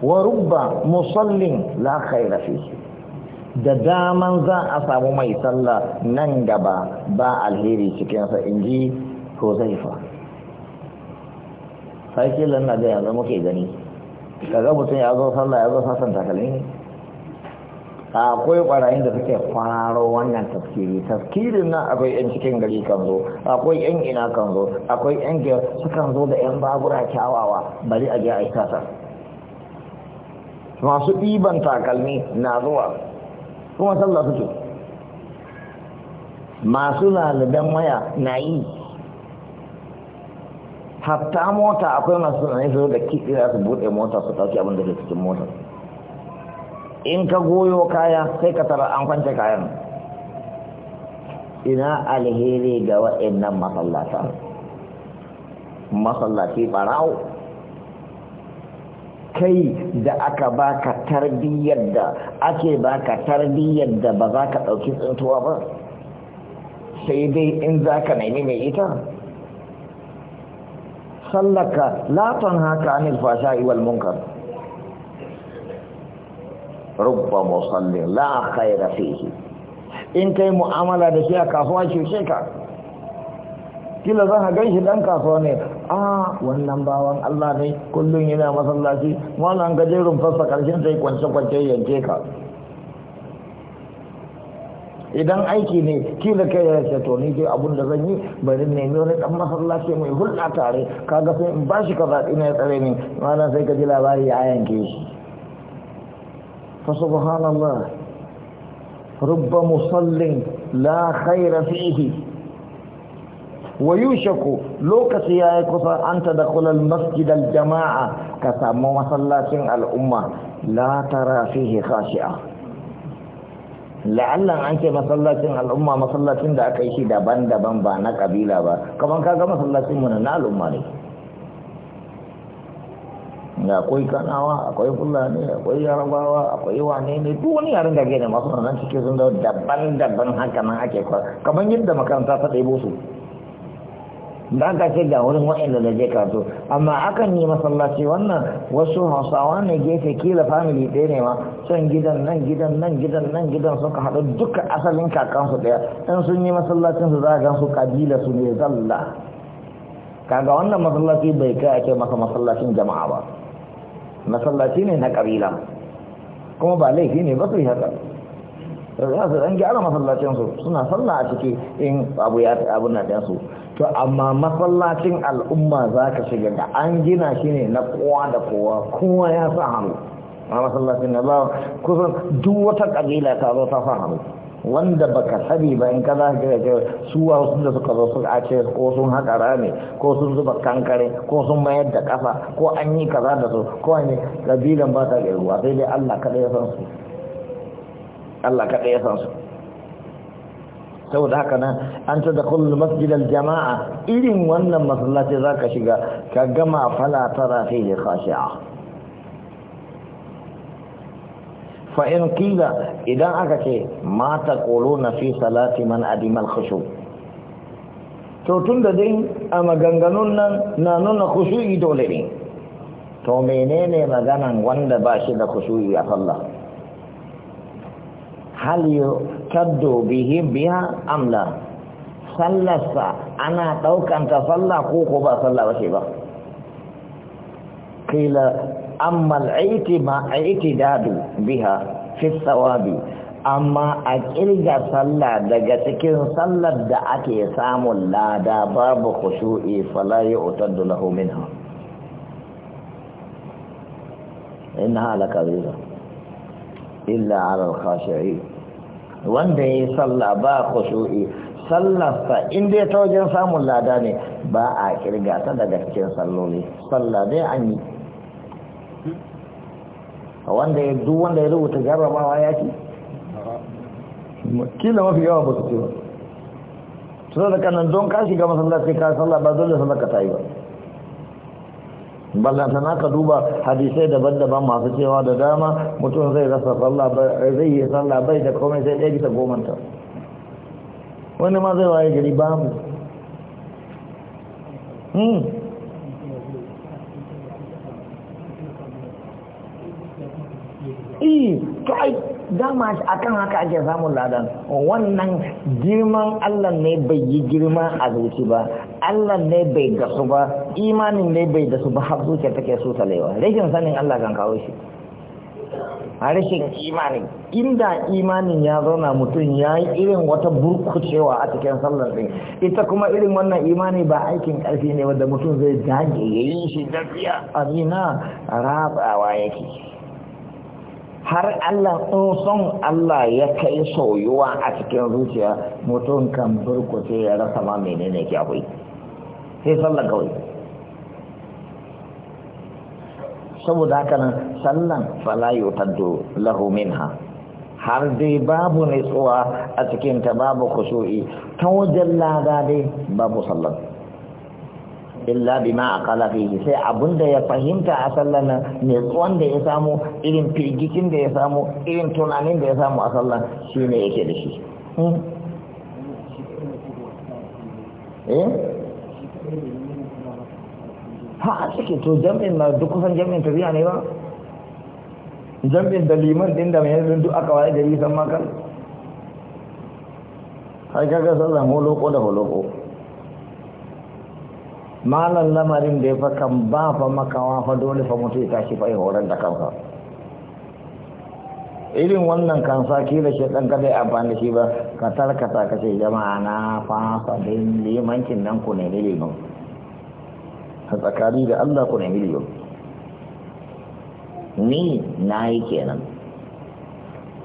wa rubba musallin la khaira fihi da daman za a samu mai sallah nan gaba ba alheri cikinsa in ji huzaifa sai kilan na da yanzu muke gani kaga mutum ya zo sallah ya zo sasan takalmi ne akwai barayin da suke faro wannan tafkiri tafkirin nan akwai yan cikin gari kan zo akwai yan ina kan zo akwai yan giyar sukan zo da yan babura kyawawa bari a ga aikata masu ɗiban takalmi na zuwa kuma sallah suke masu laliban waya na yi hatta mota akwai masu na su da kiɗi za su buɗe mota su tafi abin da ke cikin mota in ka goyo kaya sai ka tara an kwance kayan ina alheri ga nan masallata masallaci barawo kai da aka baka tarbiyyar da ake baka tarbiyyar da ba za ka ɗauki tsintuwa ba sai dai in za ka nemi mai ita sallaka latan haka anil fasha'i wal munkar rubba musallin la khaira fihi in kai mu'amala da shi a kasuwa shi ka kila za ka gan shi dan kasuwa ne a ah, wannan bawan Allah ne kullum yana masallaci wannan gajerun fassa karshen sai kwance-kwance yanke ka idan aiki ne kila kai ya ce to ni dai abun da zan yi bari nemi wani dan masallaci mai hulɗa tare kaga sai in bashi kaza ina ya tsare ni malam sai ka ji labari a yanke shi fa subhanallah rubba musallin la khaira fihi wa yushaku lokaci yi kusa an tadkhula al-masjid al-jama'a ka samu masallacin al'umma la tara fihi khashi'a la'allan an ce masallacin al'umma masallacin da aka yi shi daban-daban ba na kabila ba kaman kaga masallacin mu na al'umma ne da akwai kanawa akwai fulani akwai yarabawa akwai wane ne duk wani yaren da gane masu nan cikin sun daban-daban haka nan ake kwa kaman yadda makaranta ta ɗebo su ba ka ce ga wurin wa'inda da je kato amma akan yi masallaci wannan wasu hausawa ne gefe kila family ɗaya ne ma son gidan nan gidan nan gidan nan gidan suka haɗu duka asalin kakansu ɗaya in sun yi masallacin su za a gansu kabila su ne zalla kaga wannan masallaci bai kai ake masa masallacin jama'a ba masallaci ne na kabila kuma ba laifi ne ba su yi haka za su dan gyara masallacinsu suna sallah a ciki in abu ya abin na ɗansu to amma masallacin al'umma za ka shiga da an gina shi ne na kowa da kowa kuma ya sa hannu a masallacin da ba kusan duk wata kabila ta zo ta sa hannu wanda ba ka sabi ba in ka za ka su wa wasu da suka zo su a ce ko sun haƙa rami ko sun zuba kankare ko sun mayar da ƙasa ko an yi kaza da su ko an yi kabilan ba ta ruwa sai dai Allah kaɗai ya san su saboda haka nan an ta da kullum masjidal jama'a irin wannan masallaci za ka shiga ka gama fala tara fi da khashi'a fa kila idan aka ce mata na fi salati man adima al-khushu to da dai a maganganun nan na nuna khushu dole ne to menene maganan wanda ba shi da khushu a falla hal yuktaddu bihi biha amla sallarsa ana ɗaukanta sallah ko ko ba sallah ba ce ba qila amma al'aiti ma dadu biha fi thawabi amma a kirga sallah daga cikin sallar da ake samun lada babu khushu'i fala yu'taddu lahu minha innaha lakabira illa 'ala al-khashi'in wanda ya yi sallah ba khushu'i sallarsa inda ya ta wajen samun lada ne ba a kirga ta daga cikin salloli sallah dai an yi wanda ya duk wanda ya rubuta jarrabawa ya ce kila mafi yawa ba su ce ba su da kanan don kashi ga masallaci ka sallah ba dole sallah ka ta yi ba ballanta na ka duba hadisai daban-daban masu cewa da dama mutum zai rasa sallah zai yi sallah bai da komai sai ɗaya gomanta wani ma zai waye gari babu hmm. iya kai dama akan haka ake samun ladan wannan girman Allah ne bai yi girma a zuci ba Allah ne bai gasu ba imanin ne bai dasu ba har zuciya take so talewa rashin sanin Allah kan kawo shi a rashin imanin inda imanin ya zauna mutum ya yi irin wata burkucewa a cikin sallar ɗin ita kuma irin wannan imani ba aikin karfi ne wanda mutum zai dage ya yi shi dafiya amina rabawa yake har Allah son Allah ya kai soyuwa a cikin zuciya mutum kan burkuce ya rasa ma menene ke akwai sai sallan kawai saboda haka nan sallan fala yutaddu lahu ha, har dai babu nutsuwa a cikin ta babu kusuri ta wajen lada dai babu sallan illa bima aqala fihi sai abunda ya fahimta a sallan nan ne tsawon da ya samu irin firgicin da ya samu irin tunanin da ya samu a sallan shine yake da shi hmm? eh ha a to jam'in na duk kusan jam'in tafiya ne ba jam'in da liman din da mai yanzu duk aka waye da yi san makar har kaga sallan holoko da holoko malan lamarin da ya fa kan ba fa makawa fa dole fa mutu ya tashi fa ya horar da kanka. irin wannan kan sa kila shi dan kada ya amfani shi ba ka tarkata ka ce jama'a na fasa din limancin nan ku ne miliyon a tsakani da Allah ku ne miliyon ni na yi kenan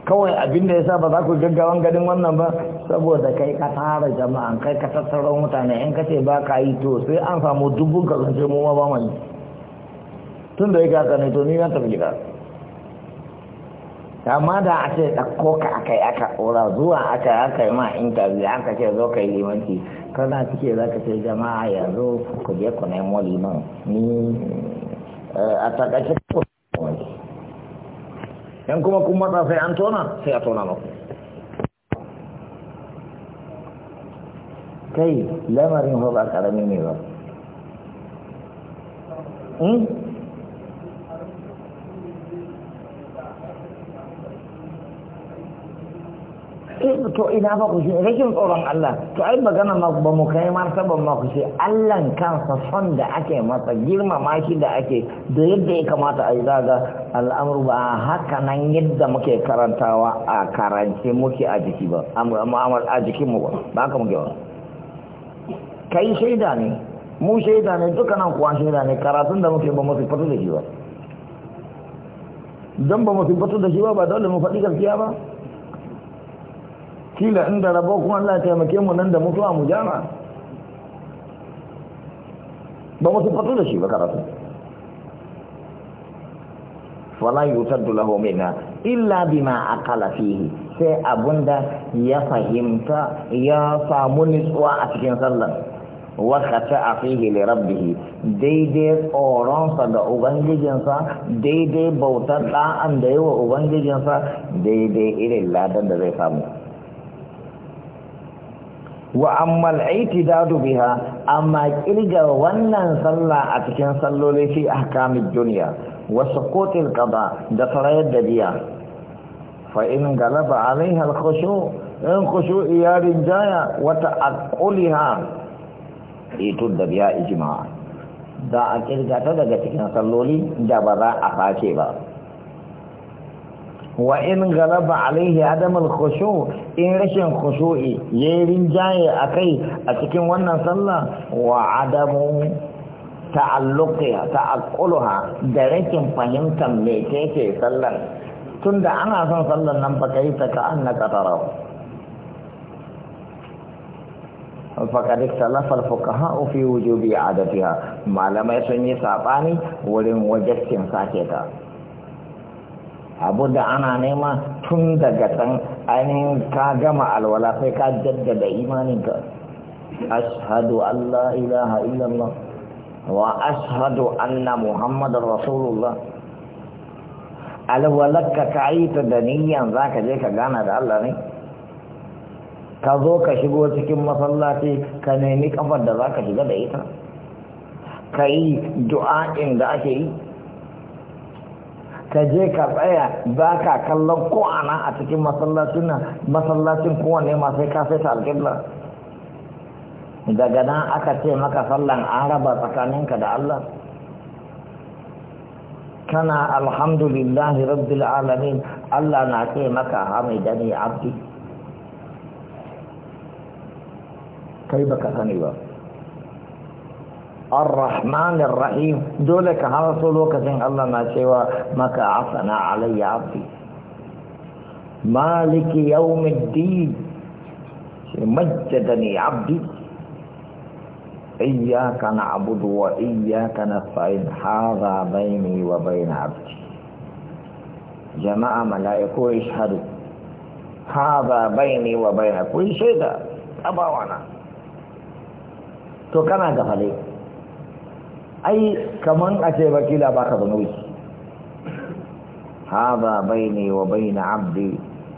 kawai abin da ya sa ba za ku gaggawan gadin wannan ba saboda kai ka tara jama'an kai ka tattaro mutane in ka ce ba ka yi to sai an samu dubun ka zance mu ma ba mai tun da yake haka ne to ni ya tafi gida amma da a ce ɗakko ka aka yi aka ƙora zuwa aka yi aka yi ma an aka ce zo ka yi limanci kana cike za ka ce jama'a yanzu ku je ku nemo liman ni eh, a takaice ku yan kuma kun matsa sai an tona sai a tona maku kai lamarin ba karami ne ba hmm? eh, to ina ba ku shi rikin tsoron Allah to ai magana ma ba mu kai martaban ma ku shi Allah kansa son da ake masa ma shi da ake da yadda ya kamata a yi zaga al'amur ba haka nan yadda muke karantawa a karance muke a jiki ba a jikin mu ba ba haka muke ba kai shaida ne mu shaida ne dukkanan kuwa shaida ne karatun da muke ba mafi fatu da shi ba don ba mafi fatu da shi ba ba dole mu faɗi gaskiya ba kila inda rabo kuma Allah ya taimake mu nan da mutuwa mu jama ba mu fatu da shi ba karatu wala yutaddu lahu na illa bima aqala fihi sai abunda ya fahimta ya samu nitsuwa a cikin sallar wakata a fiye da rabbihi daidai tsoronsa ga ubangijinsa daidai bautar ɗa'an da wa ubangijinsa daidai irin ladan da zai samu wa ammal aiti dadu biha amma kirga wannan sallah a cikin salloli fi a kamar duniya wasu kotun kaba da sarayar da biya fa'in galaba alaihar kushu in kushu iyarin jaya wata akuliha itud da biya ijima. da a kirga ta daga cikin salloli da ba za a face ba wa in galaba alaihi adam al-khushu in rashin khushu'i yayi rinjaye akai a cikin wannan sallah wa adamu ta'alluqiha ta'aqquluha da rashin fahimtar me take sallar tunda ana son sallar nan baka yi ta ka annaka tarau faƙaɗi salafar fukaha ofi wujubi a adadiya malamai sun yi saɓani wurin wajaskin sake ta abu da ana nema tun daga can ainihin ka gama alwala sai ka jaddada imaninka ashhadu an la ilaha illallah wa ashhadu anna muhammadar rasulullah alwalarka ka yi ta da niyyan za ka je ka gana da allah ne ka zo ka shigo cikin masallaci ka nemi kafar da za ka shiga da ita ka yi du'a'in da ake yi ka je ka tsaya ba ka kallon ko'ana a cikin masallacin nan masallacin kowane ma sai ka sai ta alƙibla daga nan aka ce maka sallan an raba tsakaninka da Allah kana alhamdulillahi rabbil alamin Allah na ce maka hamidani abdi kai baka sani الرحمن الرحيم دولك هرسو لوكسين الله ما سوى مكا عفنا علي عبدي مالك يوم الدين مجدني عبدي إياك نعبد وإياك نستعين هذا بيني وبين عبدي جماعة ملائكة يشهدوا هذا بيني وبينك كل شيء ده أبا وأنا to kana fale ai kaman a ce wakila baka da nauyi hada baini wa baina abdi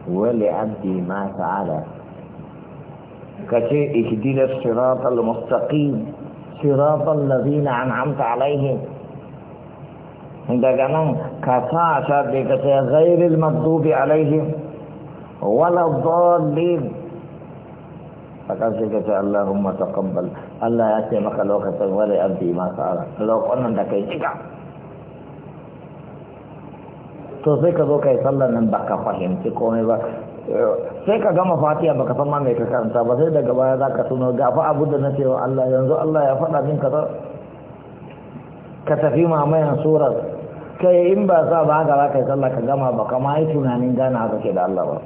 wa li abdi ma ta'ala kace ihdinas siratal mustaqim siratal ladina an'amta alaihim inda ganan ka sa ta daga ta ghairil maghdubi alaihim wala dhalin Akan sai ka ce Allahumma taqabbal Allah ya ce maka lokacin wani abdi ma sa'ala lokacin nan da kai cika to sai ka zo kai sallar nan baka fahimci komai ba sai ka gama Fatiya baka san ma mai ka karanta ba sai daga baya ka tuno ga fa abu da na ce wa Allah yanzu Allah ya faɗa min kaza ka tafi mamayan surar kai in ba sa ba haka za ka yi sallah ka gama ba ma yi tunanin gana ka ke da Allah ba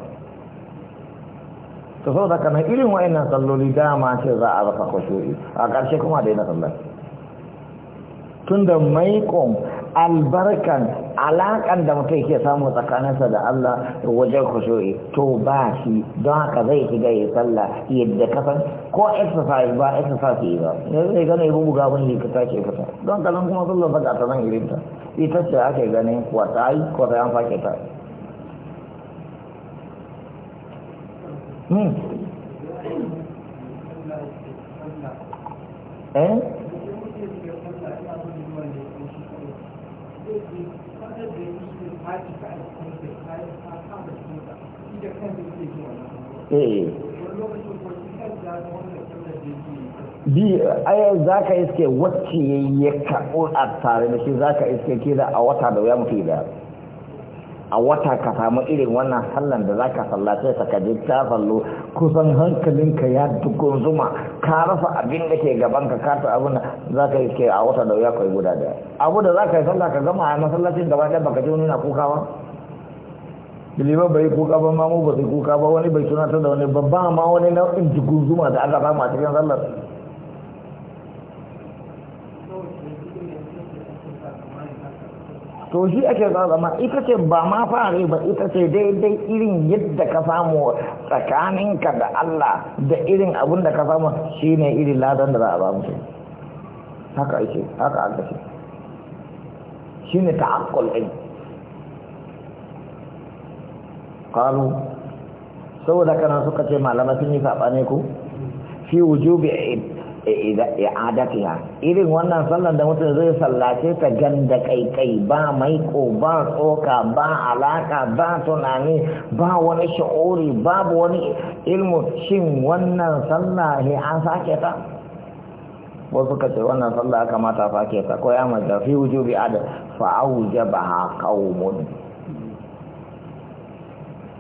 to so da kana irin wa'annan salloli dama ce za a rasa kwashori a ƙarshe kuma daina sallar tun da maikon albarkan alaƙan da mutum ke samu tsakaninsa da Allah wajen kwashori to ba shi don haka zai shiga ya sallah yadda kasan ko exercise ba exercise yi ba ne zai gane ya bubuga wani likita ka fita don kalan kuma sallar ba ta nan irinta ita ce ake ganin kwata yi kwata yan fake ta Hmm. Eh? bi ai za ka iske wacce ya karɓo a tare da shi za ka iske da a wata da wuya mutu da a wata ka samu irin wannan sallan da za ka sallace ta ka ta sallo kusan hankalinka ya dukkan zuma ka rasa abin da ke gaban ka ka ta abin da za ka yi ke a wata da ya kai guda daya abu da za ka yi sallah ka gama a masallacin gaba da baka ji wani na ba bilima bai kuka ba ma mu ba sai kuka ba wani bai tunatar da wani babba ma wani nau'in dukkan zuma da aka samu a cikin sallar to shi ake zama ita ce ba ma fare ba ita ce daidai irin yadda ka samu tsakaninka da Allah da irin abun da ka samu shine irin ladan da za a ba mu haka ake haka aka ce shine ta'aqqul ɗin qalu saboda kanan suka ce malama sun yi ne ku fi wujubi i'adatiha irin wannan sallar da mutum zai sallace ta ganda kai kai ba maiko ba tsoka ba alaka ba tunani ba wani sha'uri babu wani ilmu shin wannan sallar ne an sake ta wasu ka ce wannan sallar kamata sake ta ko ya mace fi fa'awu adad fa aujabaha qaumun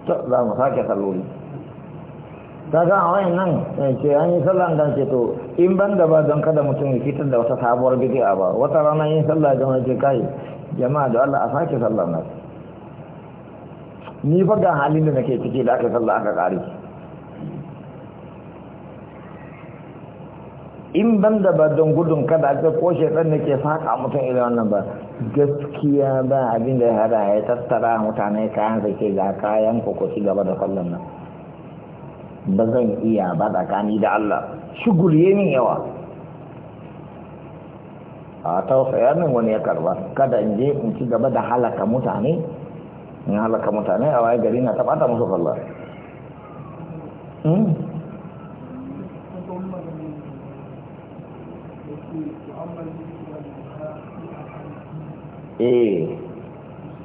to za mu sake salloli kaga a wayan nan eh, ce an yi sallah dan ce to in ban da ba don kada mutum ya fitar da wata sabuwar bid'a ba wata rana yin sallah da ce kai jama'a da Allah a sake sallah na ni fa ga halin da nake ciki da aka sallah aka kare in ban da ba don gudun kada aka ko shaitan nake saka mutum irin wannan ba gaskiya ba abin da ya hada ya tattara mutane kayan ke ga kayan ku ku ci gaba da sallan nan ba zan iya ba tsakani da Allah shugulye min yawa a tausaya min wani ya karba kada in je in ci gaba da halaka mutane in halaka mutane a waye gari na taɓata musu sallah hmm? eh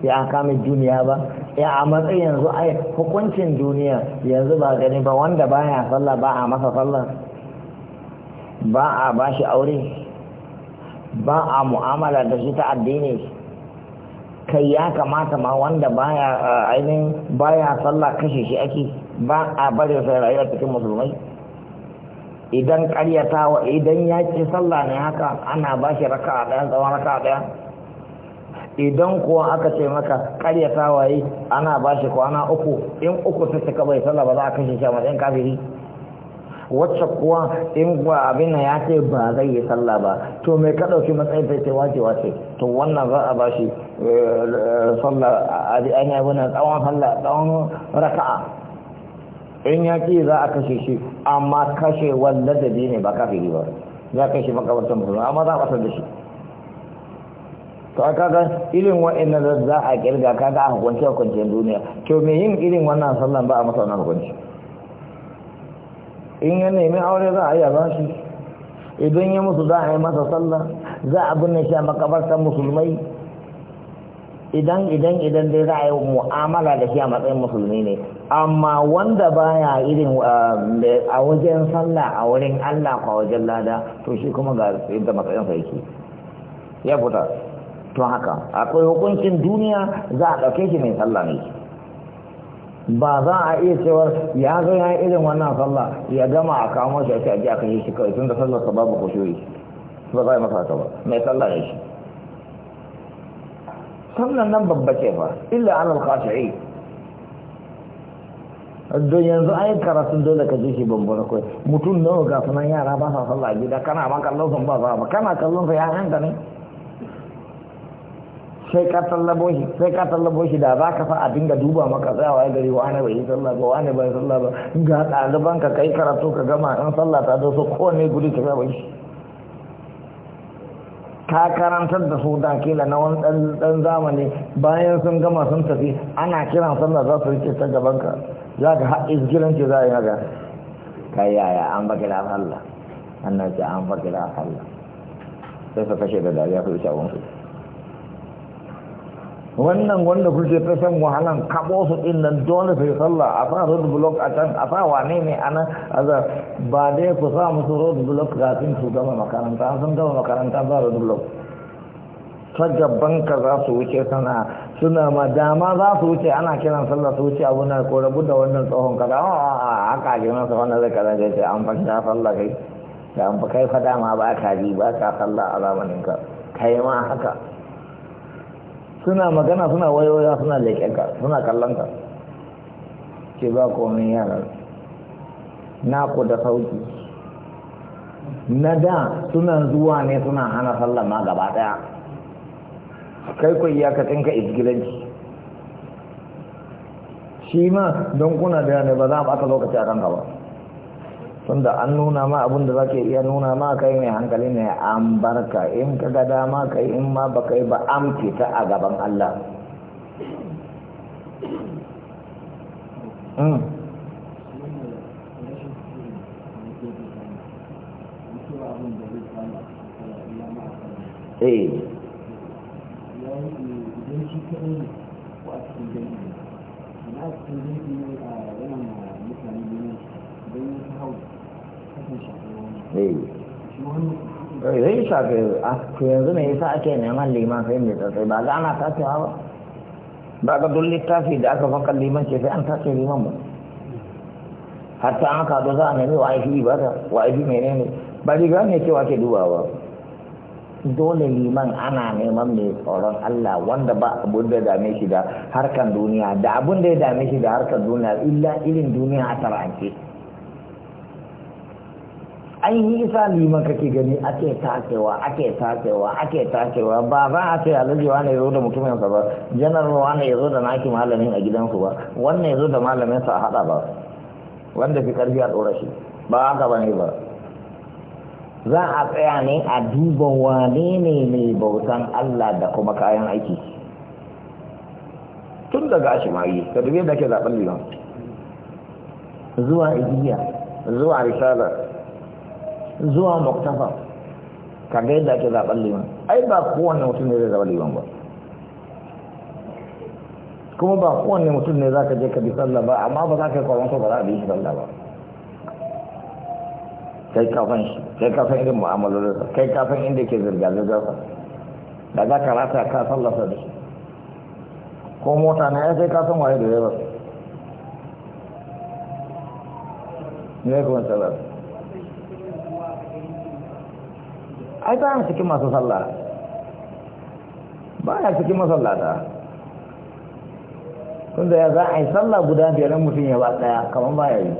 sai an kama duniya ba ya a matsayin yanzu ai hukuncin duniya yanzu ba gani ba wanda baya sallah ba a masa sallah ba a bashi aure ba a mu'amala da shi ta addini kai ya kamata ma wanda baya ainihin baya sallah kashe shi ake ba a bari sai rayuwar cikin musulmai idan karyatawa idan ya ce sallah ne haka ana bashi raka'a ɗaya tsawon raka'a daya idan kuwa aka ce maka karya tawaye ana ba shi kwana uku in uku ta cika bai sallah ba za a kashe shi a matsayin kafiri wacce kuwa in ba abin na ya ce ba zai yi sallah ba to mai ka ɗauki matsayin sai sai wace wace to wannan za a ba shi eh, sallah a an yi wani tsawon sallah tsawon raka'a in ya ce za a kashe shi amma kashe wanda da ne ba kafiri ba za a kashe makamantar musulmi amma za a ɓatar da shi to kaga irin wa'annan da za a kirga kaga a hukunce hukuncen duniya to me yin irin wannan sallan ba a masa wannan hukunci in ya nemi aure za a yi ba shi idan ya musu za a yi masa sallah za a binne shi a makabartar musulmai idan idan idan dai za a yi mu'amala da shi a matsayin musulmi ne amma wanda baya irin ah, a wajen sallah a wurin Allah ko wajen lada to shi kuma ga yadda matsayin sa yake ya fita to haka akwai hukuncin duniya za a ɗauke shi mai sallah ne ba za a iya cewar ya zo ya irin wannan sallah ya gama a kamo shi a ce a ji a kashe shi kawai tun da sa babu kushoyi ba za a yi masa haka ba mai sallah ne shi sannan nan babba ce fa illa alal khashi'i don yanzu an yi karatun dole ka ji shi bambara kawai mutum nawa ga sunan yara ba sa sallah gida kana ma kallon sun ba za ba kana kallon sa ya yanka ne sai ka tallabo shi sai ka tallabo shi da za ka fa a dinga duba maka tsayawa ya gari ne bai yi sallah ba ne bai sallah ba ga ɗaliban ka kai karatu ka gama in sallah ta zo so ne guri ka gaba shi ka karantar da su da kila na wani ɗan zamani bayan sun gama sun tafi ana kiran sallah za su rike ta gaban ka za ka haɗe ce za a yi haka kai yaya an baki da sallah annan ce an baki da sallah sai su kashe da dariya su wuce abin su wannan wanda kuke ta san wahalan kabo su din nan dole sai sallah a fa road block a can a fa wane ne ana aza ba dai ku sa musu road block kafin su gama makaranta sun gama makaranta ba road block ta gaban ka za su wuce sana suna ma dama za su wuce ana kiran sallah su wuce abu na ko rabu da wannan tsohon kaza a ka ji masa wannan zai kaza ce an fa ta sallah kai da an fa kai fa ma ba ka ji ba ka sallah a zamanin ka kai ma haka suna magana suna wayoya suna leƙenka suna kallonka ke ba komai yaran na ku da sauki na da suna zuwa ne suna hana sallah sallama gaba ɗaya kai ku iyakacinka isgilanci shi ma don kuna da ne ba za a ɓata lokaci a kanka ba tunda an nuna ma abin da zaka iya nuna ma kai mai hankali ne an barka in ka ga dama kai in ma ba kai ba amce ta a gaban Allah hmm. Eh. zai a yanzu mai yasa ake neman liman sai mai tsatsai ba ga ana tacewa hawa ba ga duk littafi da aka fakar liman ce sai an tace liman ba hatta an kado za a nemi wa'ifi ba ta wa'ifi mai ne ba riga ne cewa ke dubawa dole liman ana neman mai tsoron Allah wanda ba abun da dame shi da harkan duniya da abun da ya dame shi da harkar duniya illa irin duniya a tarance An yi isa liman kake gani ake tasewa ake tasewa ake tasewa ba za a ce alhaji wani ya zo da mutuminsa ba janar wani ya zo da naki malamin a gidansu ba wannan ya zo da malaminsa a haɗa ba wanda fi karfi a ɗora shi ba haka ba ne ba za a tsaya ne a duba wane ne mai bautan Allah da kuma kayan aiki tun daga yi. ka dubi da ke zaɓen liman zuwa igiya zuwa risala zuwa muktafa kaga yadda ake zaɓen liman ai ba kowane mutum ne zai zaɓa liman ba kuma ba kowane mutum ne za ka je ka bi sallah ba amma ba za ka yi kwaron ba za a bi shi sallah ba kai kafan shi kai kafan irin mu'amalolinsa kai kafan inda ke zirga-zirgarsa da za ka rata ka sallasa da shi ko mota na ya sai ka san waye da zai ba ne kuma sallar ai ba ya cikin masu sallah ba ya cikin tun da ya za a yi sallah guda biyar na mutum ya ba daya kamar ba ya yi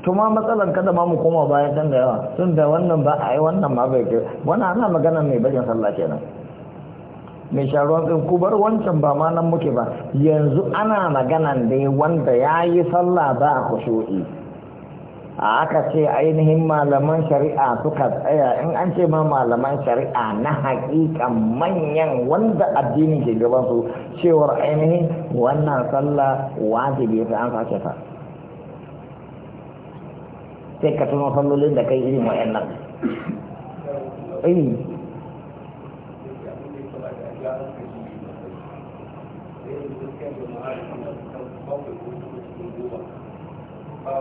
tuma matsalan kada ma mu koma bayan dan da yawa da wannan ba a yi wannan ma bai ke wani ana magana mai bajin sallah kenan mai sharuwan tsin kubar bar wancan ba ma nan muke ba yanzu ana magana dai wanda ya yi sallah ba a kushu'i a aka ce ainihin malaman shari'a suka tsaya in an ce ma malaman shari'a na hakikan manyan wanda addinin ke gaban su cewar ainihin wannan sallah wajibi ta an sace ta sai ka tuno sallolin da kai irin wa'annan eh. to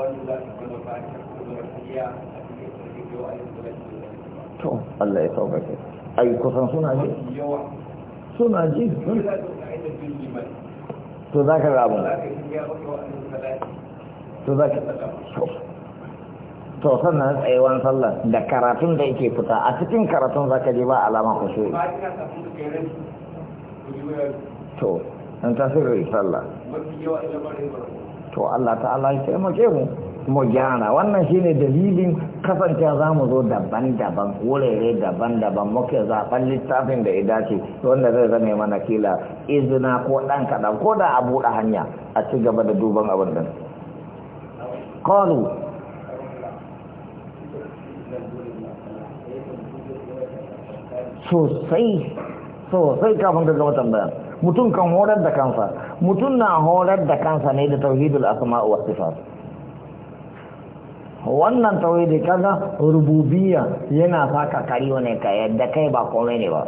Allah ya sauƙaƙe ai kusan suna ji suna ji to za ka rabu to za ka to sannan tsayewan sallah da karatun da yake fita a cikin karatun za ka je ba alama ku shi to an tasiri sallah to Allah ta'ala ya taimake mu mu gyara wannan shine dalilin kasance za mu zo daban-daban wurare daban-daban muke zaben littafin da ya dace wanda zai zame mana kila izina ko ɗan kaɗan ko da a buɗe hanya a ci gaba da duban abin nan qalu sosai sosai kafin ka gama tambayar mutum kan horar da kansa mutum na horar da kansa ne da tauhidul asma wa sifat wannan tauhidi kaga rububiyya yana saka kariyo ne ka yadda kai ba komai ne ba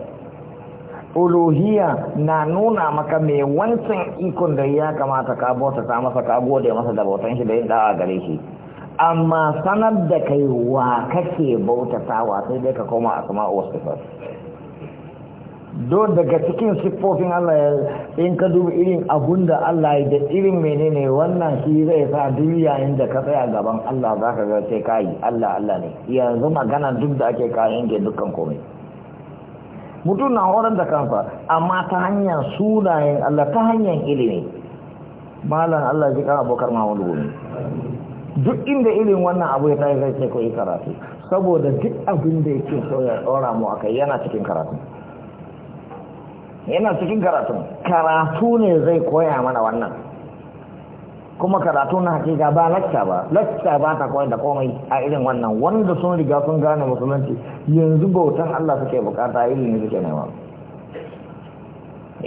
uluhiyya na nuna maka mai wancan ikon da ya kamata ka bauta ta masa ka gode masa da bautan shi da yin da'a gare shi amma sanar da kai wa kake bauta ta wa sai dai ka koma a sama wasu don daga cikin siffofin Allah in ka duba irin abun da Allah ya da irin menene wannan shi zai sa duniya inda da ka tsaya gaban Allah za ka ga sai kayi Allah Allah ne yanzu magana duk da ake kayan ke dukkan komai mutum na horar da kansa amma ta hanyar sunayen Allah ta hanyar ilimi malam Allah ji kan abokar mahmud gumi duk inda irin wannan abu ya zai sai ko yi karatu saboda duk abin da yake so ya tsora mu akai yana cikin karatu yana cikin karatu karatu ne zai koya mana wannan kuma karatu na hakika ba lacca ba lacca ba ta koyar da komai a irin wannan wanda sun riga sun gane musulunci yanzu bautan Allah suke bukata ilimi suke nema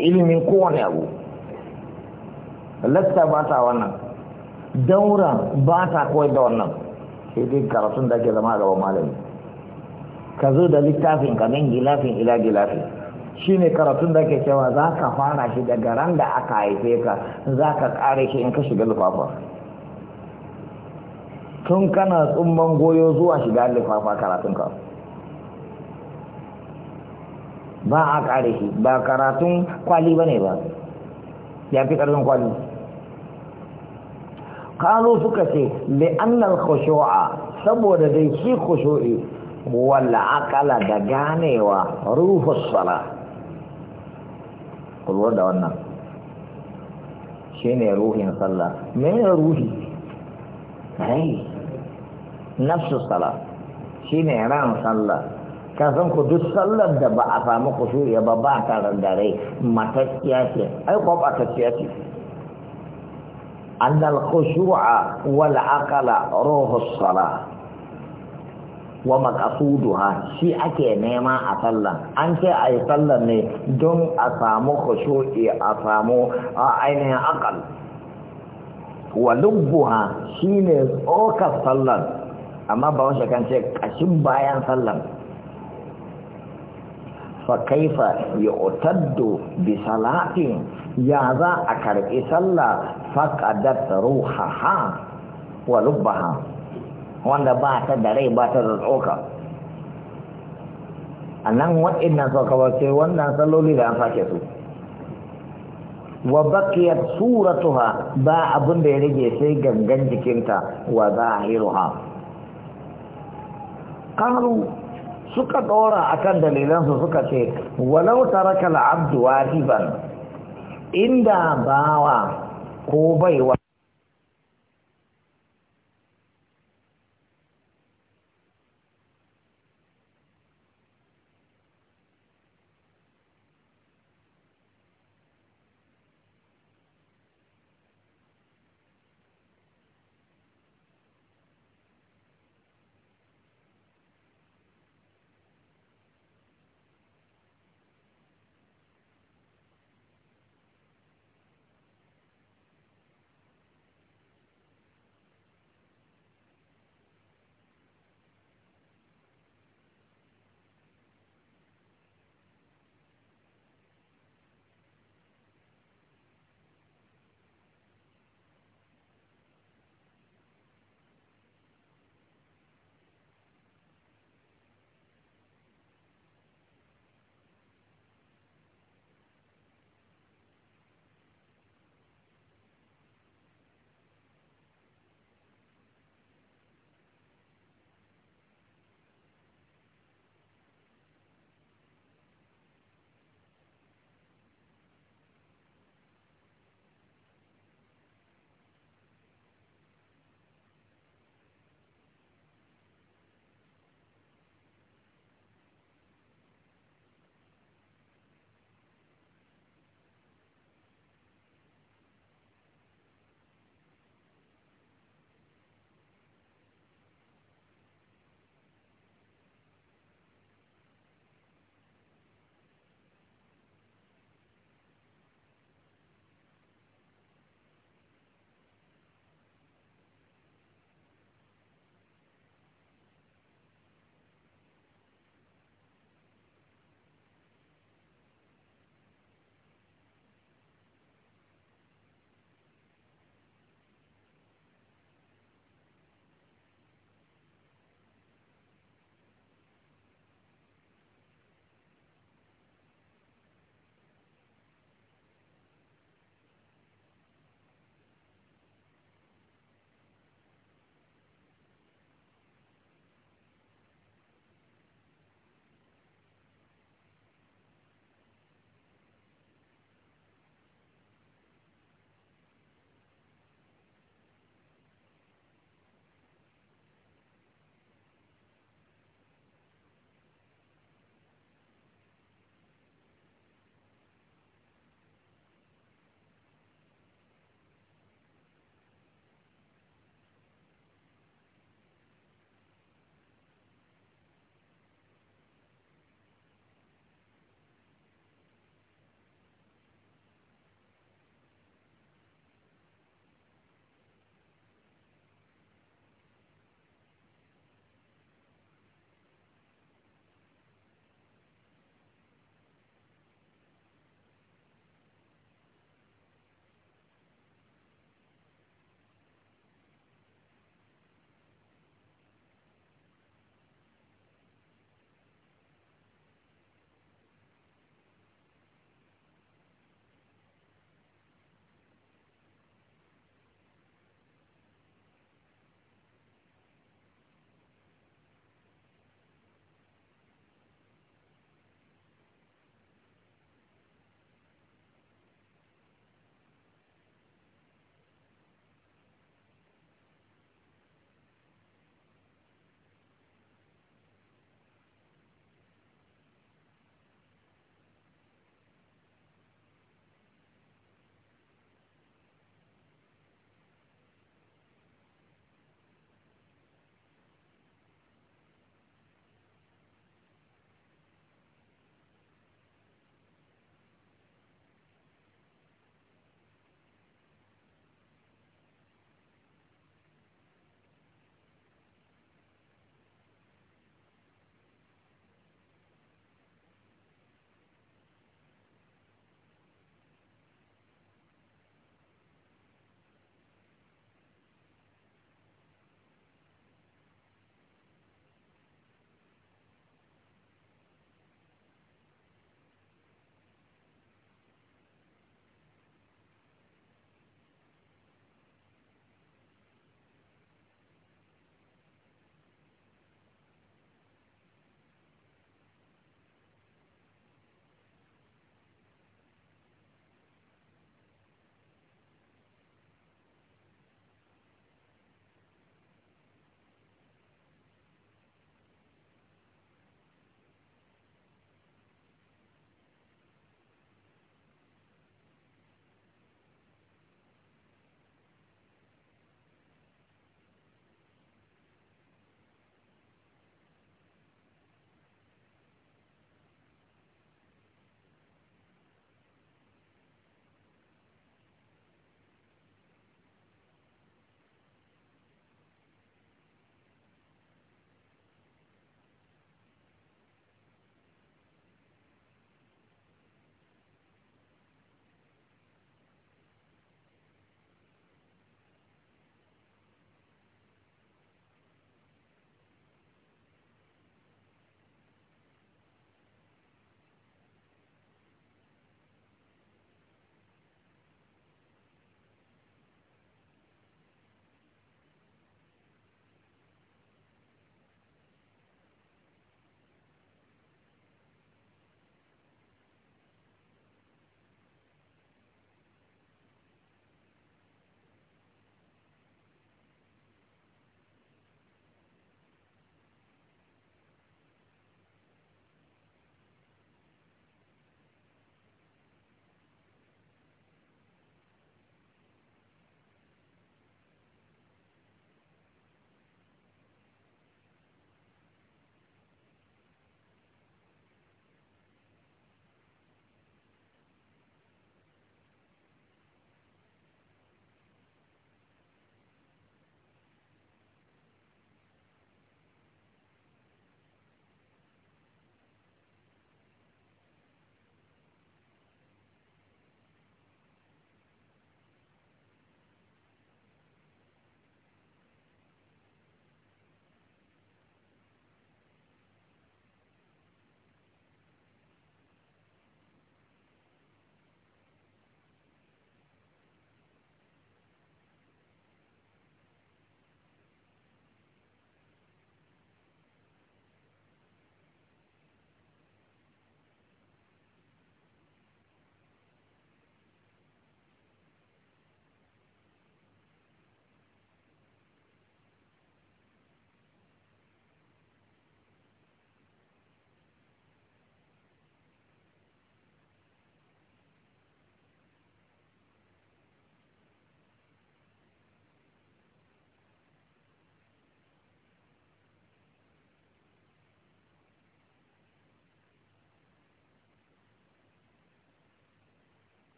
ilimin kowane abu lacca ba ta wannan daura ba ta koyar da wannan sai dai karatun da ke zama gaban malami ka zo da littafin ka min gilafin ila gilafin shi ne karatun da ke cewa za ka fara shi daga ran da aka haife ka za ka kare shi in ka shiga lifafa tun kana tsumman goyo zuwa shiga lifafa karatun ka ba a kare shi ba karatun kwali ba ne ba ya fi karfin kwali kano suka ce li'annal khushu'a saboda dai shi khushu'i wal aqala da ganewa rufus sala kulwar da wannan shi ne ruhin sallah mene ruhi rai nafsu sallah shi ne ran sallah kasan ku duk sallar da ba a samu kusuriya ba ba a tare da rai matakiya ce ai ko matacciya ce annal khushu'a wal aqala ruhus salah wa maqasuduha shi ake nema a sallan an ce ayi yi sallan ne don a samu khushu'i a samu ainihin akal wa lubbuha shine oka sallan amma ba kan ce kashin bayan sallan fa kaifa yu'taddu bi salatin ya za a karbi sallah faqadat ruhaha wa lubbaha wanda ba ta da rai ba ta da tsoka a nan ba ce wannan saloli da an sake su wa bakiyar suratuha ba abin da ya rage sai gangan jikinta wa za a ha Ƙaru suka ɗora a kan dalilansu suka ce walau taraka abduwa wajiban inda bawa ko baiwa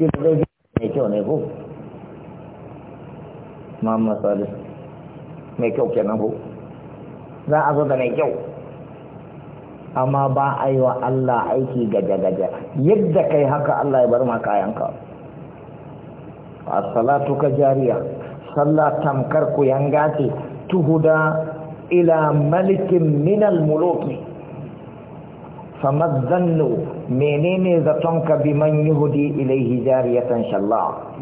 kiristoci mai kyau ne mai kyau kenan zo da mai kyau amma ba a yi wa allah aiki gaje-gaje yadda kai haka allah ya bar ma kayanka a salatu ka jariya sallah tamkar yanga ce tuhuda ila malikin minal muluki famad zannu menene zatonka man yahudi ilaihi jariyatan shallah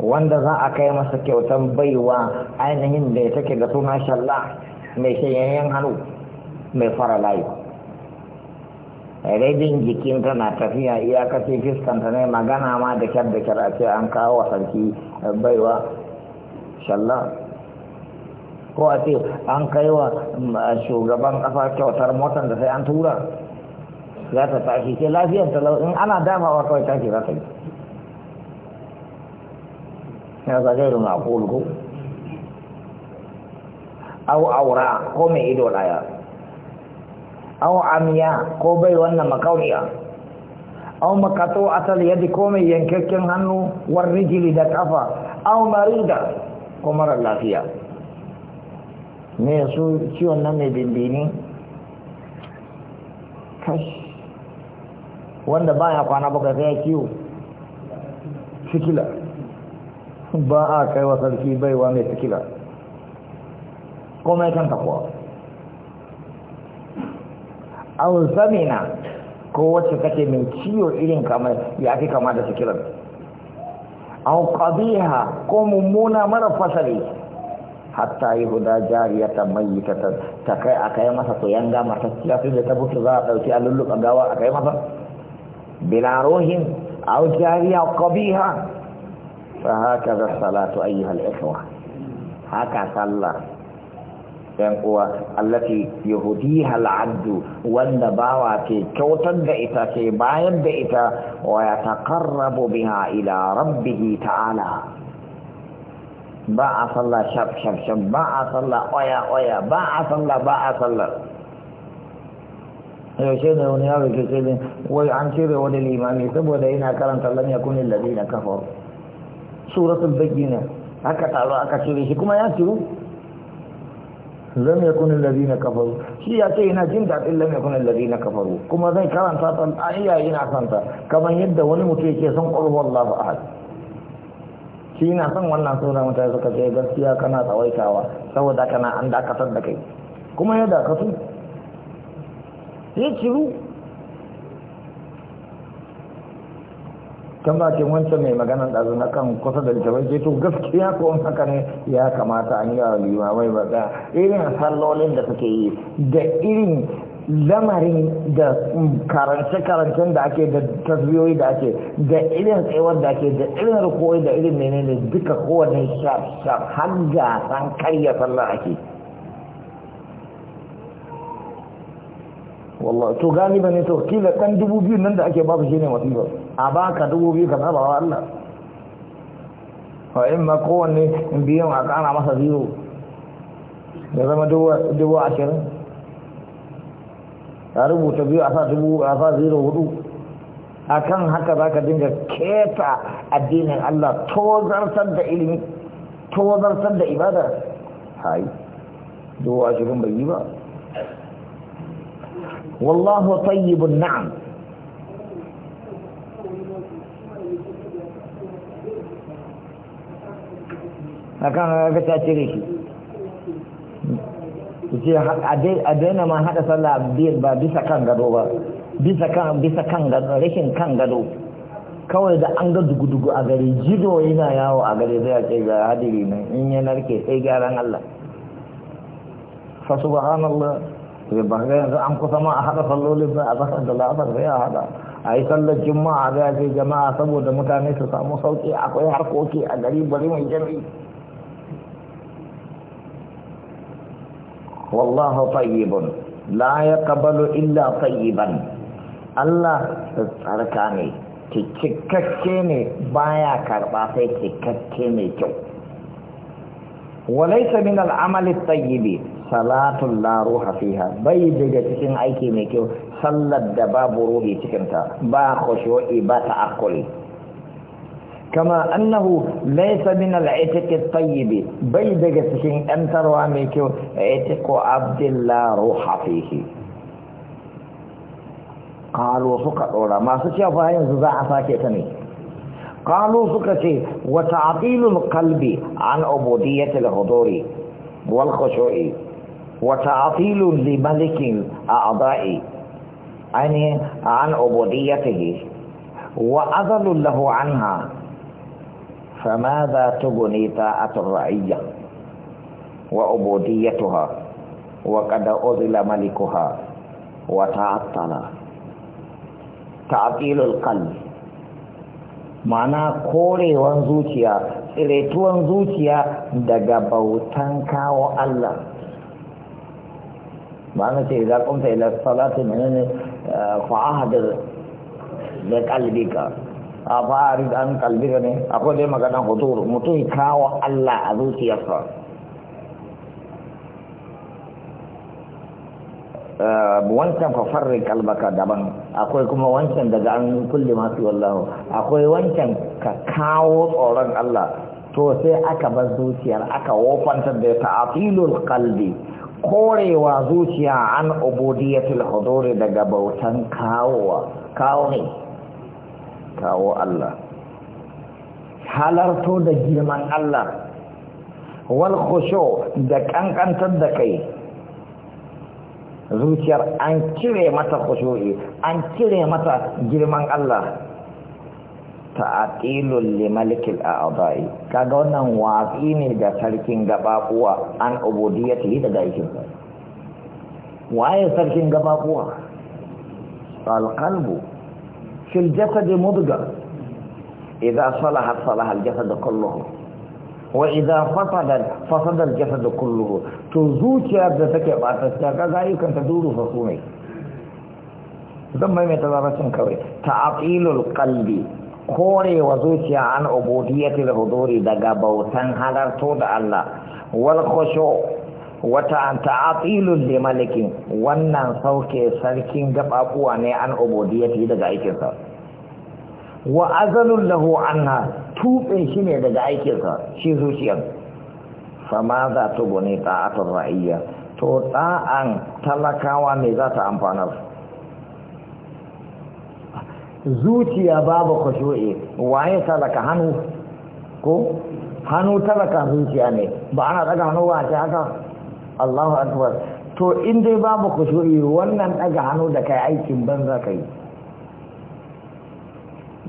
wanda za a kai masa kyautan baiwa ainihin da ya take da suna shallah mai shanyayyen hannu mai fara layu raibin jikin tana tafiya kashe fiskanta ne magana ma da kyar da kyar a ce an kawo sarki baiwa shallah ko a ce an kai wa shugaban kafa kyautar motar da sai an tura za ta tashi ce lafiyar ta in ana damawa kawai tashi za ta yi ya za gairu na ko au aura ko mai ido daya au amiya ko bai wannan makauniya au makato asali yadda ko mai yankakken hannu war rijili da kafa au marida ko marar lafiya me su ciwon nan mai bindini kashi wanda baya kwana baka sai kiwo sikila ba a kai wa sarki baiwa mai sikila komai kan a au zamina ko wacce kake mai ciwo irin kamar ya fi kama da sikilar au ko mummuna mara fasali hatta yi huda ta mayyitata ta kai a kai masa to yanga ta siya fi da ta butu za a ɗauki a gawa a kai masa بلا روح أو جارية أو قبيحة فهكذا الصلاة أيها الإخوة هكذا صلى التي يهديها العبد والنباوة كوتا دئتا كبايا دئتا ويتقرب بها إلى ربه تعالى باع صلى شب شب شب باع صلى أويا أويا باع صلى باع صلى, باع صلى yaushe ne wani yaro ke ce min wai an cire wani limami saboda yana karanta lam yakun alladhina kafaru suratul bayyina aka taro aka cire shi kuma ya ciru lam yakun na kafaru shi ya ce yana jin dadin lam yakun na kafaru kuma zai karanta ta ayya yana santa kamar yadda wani mutum yake son qul huwallahu ahad shi na son wannan sura mutane suka ce gaskiya kana tsawaitawa saboda kana an dakatar da kai kuma ya dakatu sai kan ba bakin wancan mai maganan ɗazu na kan kusa da littafin ce to gaskiya ko in haka ne ya kamata an yi wa limamai ba ga irin sallolin da suke yi da irin lamarin da karance-karancen da ake da tasbiyoyi da ake da irin tsayuwar da ake da irin rukuwai da irin menene duka kowane shaf-shaf har gasan karya sallah ake wallahi to galiba ne to kila kan dubu biyu nan da ake babu shi ne masifa a baka dubu biyu ka saba wa Allah fa in ma in biyan a kana masa zero ya zama dubu ashirin a rubuta biyu a sa dubu a sa zero hudu a kan haka za ka dinga keta addinin Allah tozartar da ilimi tozartar da ibada hai dubu ashirin bai yi ba wallahu tayyibun na'am akan ga ta cire shi ce a daina ma haɗa sallah ba bisa kan gado ba bisa kan bisa kan gado rashin kan gado kawai da an ga dugu-dugu a gari jido yana yawo a gari zai ce ga hadiri nan in ya narke sai gyaran Allah fa subhanallah ke ban yanzu an kusa ma a haɗa sallolin na azhar da la'asar sai a haɗa a yi sallar juma'a zai ce jama'a saboda mutane su samu sauki akwai harkoki a gari bari mai jami wallahu tayyibun la yaqbalu illa tayyiban Allah tsarka ne cikakke ne baya karɓa sai cikakke mai kyau Wa min al'amali tayyibi salatun la ruha bai daga cikin aiki mai kyau sallar da babu ruhi cikin ta ba khushu'i ba ta'akkuli kama annahu laysa min al-itiq at bai daga cikin 'yantarwa mai kyau itiqu abdillah ruha fihi kalo suka ɗora masu cewa yanzu za a sake ta ne قالوا سكتي وتعطيل القلب عن عبودية الحضور والخشوع وتعطيل لملك الأعضاء يعني عن عبوديته وأذل له عنها فماذا تبني طاعة الرعية وعبوديتها وقد أذل ملكها وتعطل تعطيل القلب ma'ana korewan zuciya tsiretuwan zuciya daga bautan kawo Allah ma'ana ce idan kumta ila salati menene eh, fa'ahadar da kalbika a fa'arid an kalbika ne akwai dai maganar huturu mutum kawo Allah a zuciyarsa Eh, wancan fafarri kalbaka daban akwai kuma wancan daga an kulle masu wallahu akwai wancan ka kawo tsoron Allah to sai aka bar zuciyar aka wofantar da ta afilul kalbi korewa zuciya an ubudiyatul huduri daga bautan kawowa kawo ne kawo Allah halarto da girman Allah wal khushu da kankantar da kai zuciyar an cire mata khushu'i an cire mata girman Allah ta'atilul li malikil a'dai kaga wannan watsi ne da sarkin gabakuwa an ubudiyyati da aikin sa waye sarkin gabakuwa al-qalbu fil jasad mudga idza salaha salaha al-jasad kulluhu wa idza fasada fasada al-jasad kulluhu to zuciyar da take batacciya ga ayyukan ta duru fa mai zan mai mai tabaracin kawai ta'atilul qalbi korewa zuciya an ubudiyatil huduri daga bautan halarto da Allah wal khushu' wata ta'atilun li malikin wannan sauke sarkin gababuwa ne an ubudiyati daga aikinsa wa azalun lahu anha tuɓe shi ne daga aikinsa shi zuciyar Sama za ta gune ta'atar ra'iyya to ɗa'an talakawa ne za ta amfanar zuciya babu kwashoe waye talaka hannu ko hannu talaka zuciya ne ba ana daga hannu ba ce haka allahu akbar to in dai babu kwashoe wannan daga hannu da kai aikin banza kai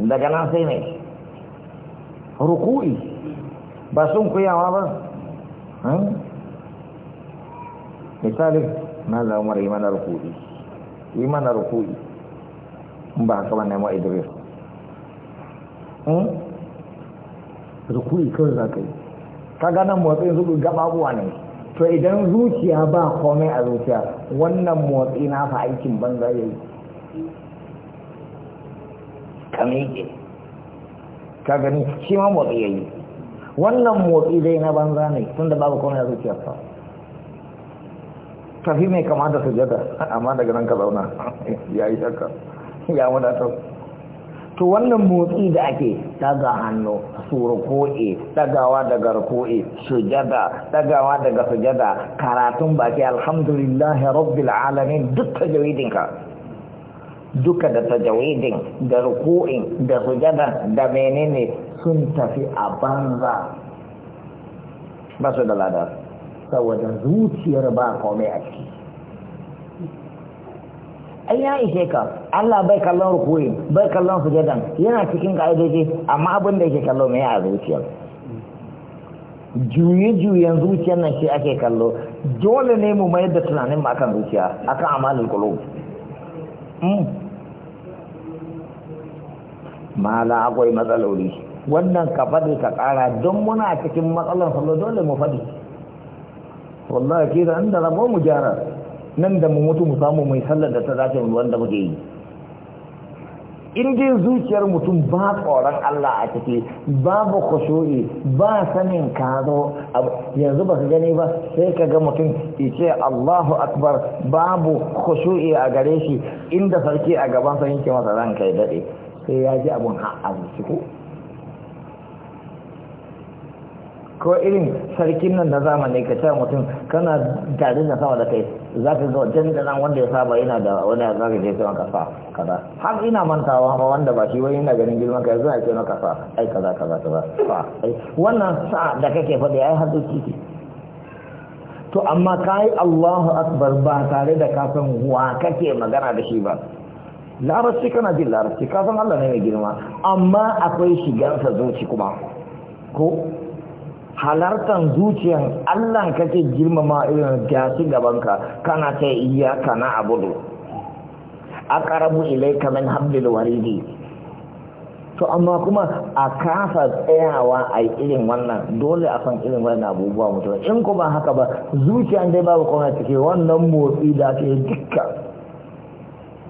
daga nan sai mai ruku'i ba sun kuyawa ba misali na lamar yi mana ruku'i yi mana ruku'i ba haka ba nemo idris ruku'i kawai za ka yi ka ganin motsin zuɗu gaɓaɓuwa ne to idan zuciya ba komai a zuciya wannan motsi na fa aikin banza ya yi ka miƙe ka gani shi ma motsi ya yi wannan motsi dai na banza ne tun da babu komai a zuciyarsa tafi mai kama da sujada amma daga nan ka zauna ya yi shakka ya ta. to wannan motsi da ake daga hannu ko'e, dagawa daga ko'e, sujada dagawa daga sujada karatun baki alhamdulillahi rabbi alamin duk ta jawidinka duka da tajawidin da ruku'in da sujadan da menene sun tafi a banza ba su da lada saboda zuciyar ba komai a ciki ai ya ishe ka Allah bai kallon ruku'in bai kallon sujadan yana cikin ka'idoji amma abin da yake kallo mai a zuciyar juye-juyen zuciyar nan shi ake kallo dole ne mu mayar da tunanin akan zuciya akan amalin kulubu Hmm. mala akwai matsaloli wannan ka faɗi ka ƙara don muna cikin matsalar sallo dole mu faɗi wallahi kira da rabo mu gyara nan da mu mutu mu samu mai sallar da ta dace wanda muke yi in dai zuciyar mutum ba tsoron Allah a ciki babu kusuri ba sanin kazo yanzu ba ka gani ba sai ka ga mutum ce Allahu akbar babu kusuri a gare shi inda sarki a gaban sa yake masa ran kai dade sai ya ji abun ha a ko ko irin sarkin nan na zamani ka ce mutum kana tare da sama da kai za ka ga jan da nan wanda ya saba yana da wani ya zaka je sai kasa kaza har ina mantawa ma wanda ba shi wani yana ganin girman ka yanzu a ce maka sa ai kaza kaza kaza ai wannan sa da kake faɗi ai har doki to amma kai Allahu akbar ba tare da ka san wa kake magana da shi ba larabci kana jin larabci ka san Allah ne mai girma amma akwai shigansa zuci kuma ko Halartar zuciyar Allah kake girmama irin gasi gabanka kana ta iya kana abudu aqrabu ilai min hamdul waridi to amma kuma a kafa tsayawa a irin wannan dole a san irin wannan abubuwa mutum in ko ba haka ba zuciyar dai babu kuma cike wannan motsi da ke dukkan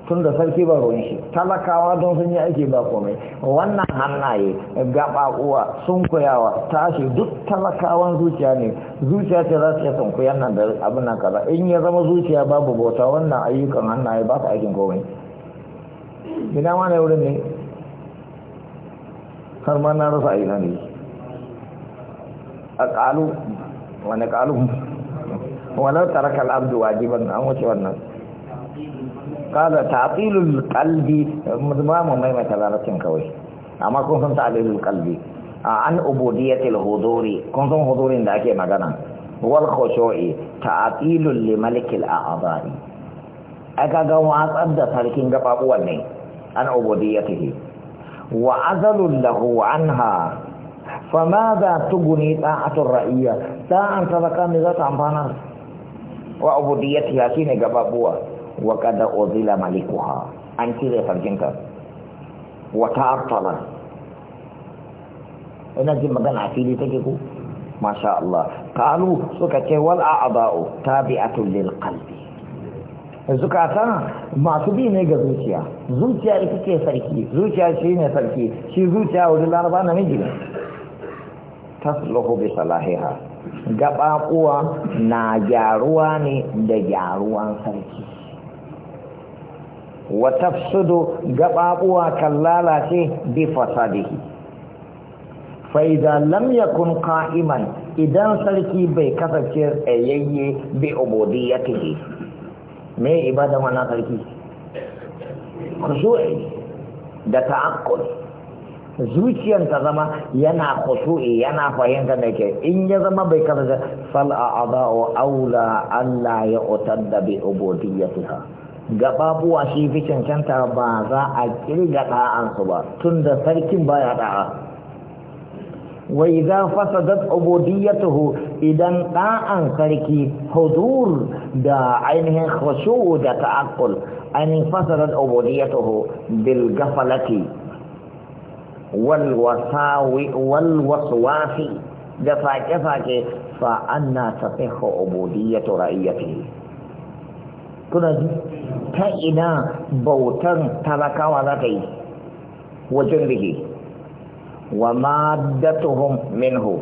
tun da sarki ba ruwan shi talakawa don sun yi aiki ba komai wannan hannaye gaba uwa sun koyawa tashi duk talakawan zuciya ne zuciya ce za su iya sun koyan nan da abin nan kaza in ya zama zuciya babu bauta wannan ayyukan hannaye ba su aikin komai ina ma ne wurin ne har ma na rasa ayyukan ne a ƙalu wani ƙalu wani tarakal abdu wajiban an wuce wannan kada ta'tilul qalbi ma mu mai mai talaratin kawai amma kun san ta'tilul qalbi an ubudiyatil huduri kun san hudurin da ake magana wal khushu'i ta'tilul li malikil a'dha'i aka ga watsar da sarkin gababuwan ne an ubudiyatihi wa azalul lahu anha فماذا تغني طاعة الرئية طاعة تذكر ماذا تنفعنا وعبوديتها ne قبابوها wa kada uzila malikuha an cire farjinta wa ta'attala ina jin magana a fili take ku masha Allah qalu suka ce wal a'da'u tabi'atu lil qalbi zukata masu bi ne ga zuciya zuciya ita ce sarki zuciya shi ne sarki shi zuciya wajen laraba namiji ne tasluhu bi salahiha gaɓaɓuwa na gyaruwa ne da gyaruwan sarki wa tafsudu gababuwa kan lalace bi fasadihi fa idan lam yakun qa'iman idan sarki bai kasance ayyaye bi ubudiyyatihi me ibada mana sarki khushu'i da ta'aqqul zuciyar ta zama yana khushu'i yana fahimta da ke in ya zama bai kasance fal a'da'u aula alla ya'tadda bi ubudiyyatiha gababuwa shi fi cancanta ba za a kirga ɗa'ansu ba tun da sarkin baya ɗa'a fasa idza fasadat taho idan ɗa'an sarki hudur da ainihin khushu da ta'aqqul ainihin fasa ubudiyyatuhu bil taho wal wasawi wal waswasi da fake fake fa anna tasihhu ubudiyyatu ra'iyatihi kuna ji ta ina bautan talakawa za ta yi wajen rige wa maddatuhum minhu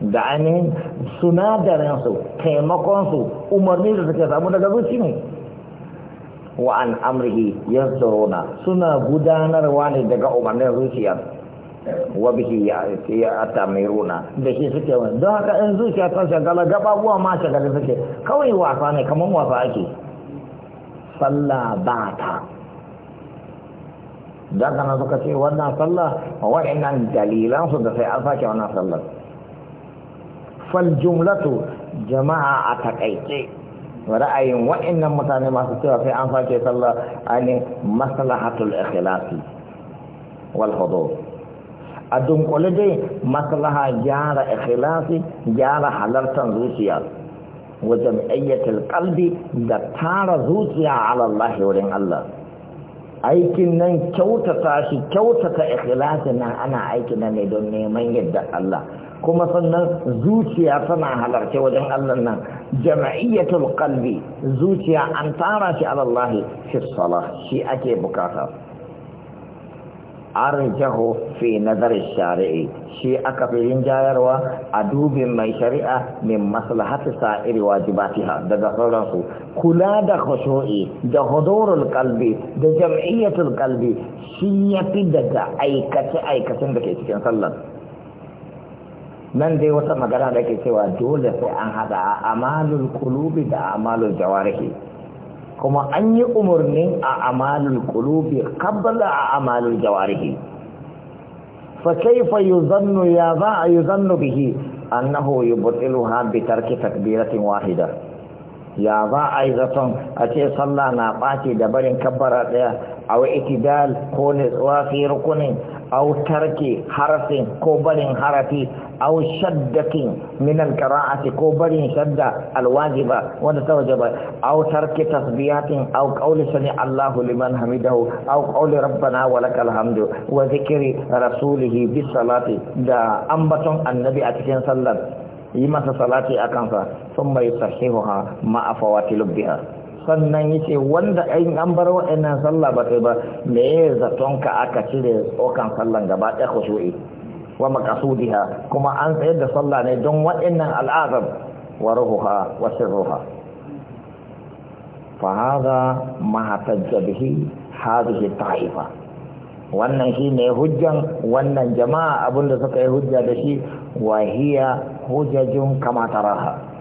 da ainihin sunadarinsu taimakonsu umarni da suke samu daga zuci ne wa an amrihi zorona suna gudanarwa ne daga umarnin zuciya wa bihi ya atamiruna da shi suke wani don haka in zuciya ta shagala gaba ma shagali suke kawai wasa ne kamar wasa ake sallah ba ta da suka ce wannan sallah wa'annan dalilan su da sai an sake wannan sallar fal jumlatu jama'a a takaice ra'ayin wa'annan mutane masu cewa sai an sake sallah ani maslahatul ikhlasi wal hudur a dunkule dai maslaha gyara ikhlasi gyara halartar zuciya wajen ayyatar kalbi da tara zuciya ala Allah wurin Allah aikin nan kyautata shi kyautata ikhlasin nan ana aikin nan ne don neman yadda Allah kuma sannan zuciya tana halarce wajen Allah nan jama'iyyatul qalbi zuciya an tara shi alallahi Allah shi shi ake bukata arjahu fi nazar shari'i shi aka fi jayarwa a dubin mai shari'a min maslahati sa'iri wajibatiha daga sauransu kula da khushu'i da hudurul qalbi da jam'iyyatul qalbi shi yafi daga aikace aikacen da ke cikin sallar nan dai wata magana da ke cewa dole sai an hada amalul qulubi da amalul jawarihi kuma an yi umarnin a amalul qulubi kabbala a amalul jawarihi fa kayfa yuzannu ya za a yuzannu bihi annahu yubtiluha bi tarki takbiratin wahida ya za a yi zaton a ce sallah na ɓaci da barin kabbara ɗaya a wa itidal ko ne tsawa fi rukunin أو ترك حرف كوبل حرف أو شدة من القراءة كوبل شدة الواجبة ونتوجب أو ترك تسبيات أو قول سمع الله لمن حمده أو قول ربنا ولك الحمد وذكر رسوله بالصلاة دا أنبت النبي أتكين صلى الله عليه وسلم يمس صلاتي أكنفا ثم يصححها مع فواتي لبها sannan yace wanda in an bar wa'annan sallah ba kai ba me ya zaton ka aka cire tsokan sallan gaba ɗaya shu'i wa maqasudiha kuma an tsayar da sallah ne don wa'annan al'adar wa ruhuha wa sirruha fa hadha ma hatajja bihi hadhihi ta'ifa wannan shine hujjan wannan jama'a abinda suka yi hujja da shi wa hiya hujajun kama taraha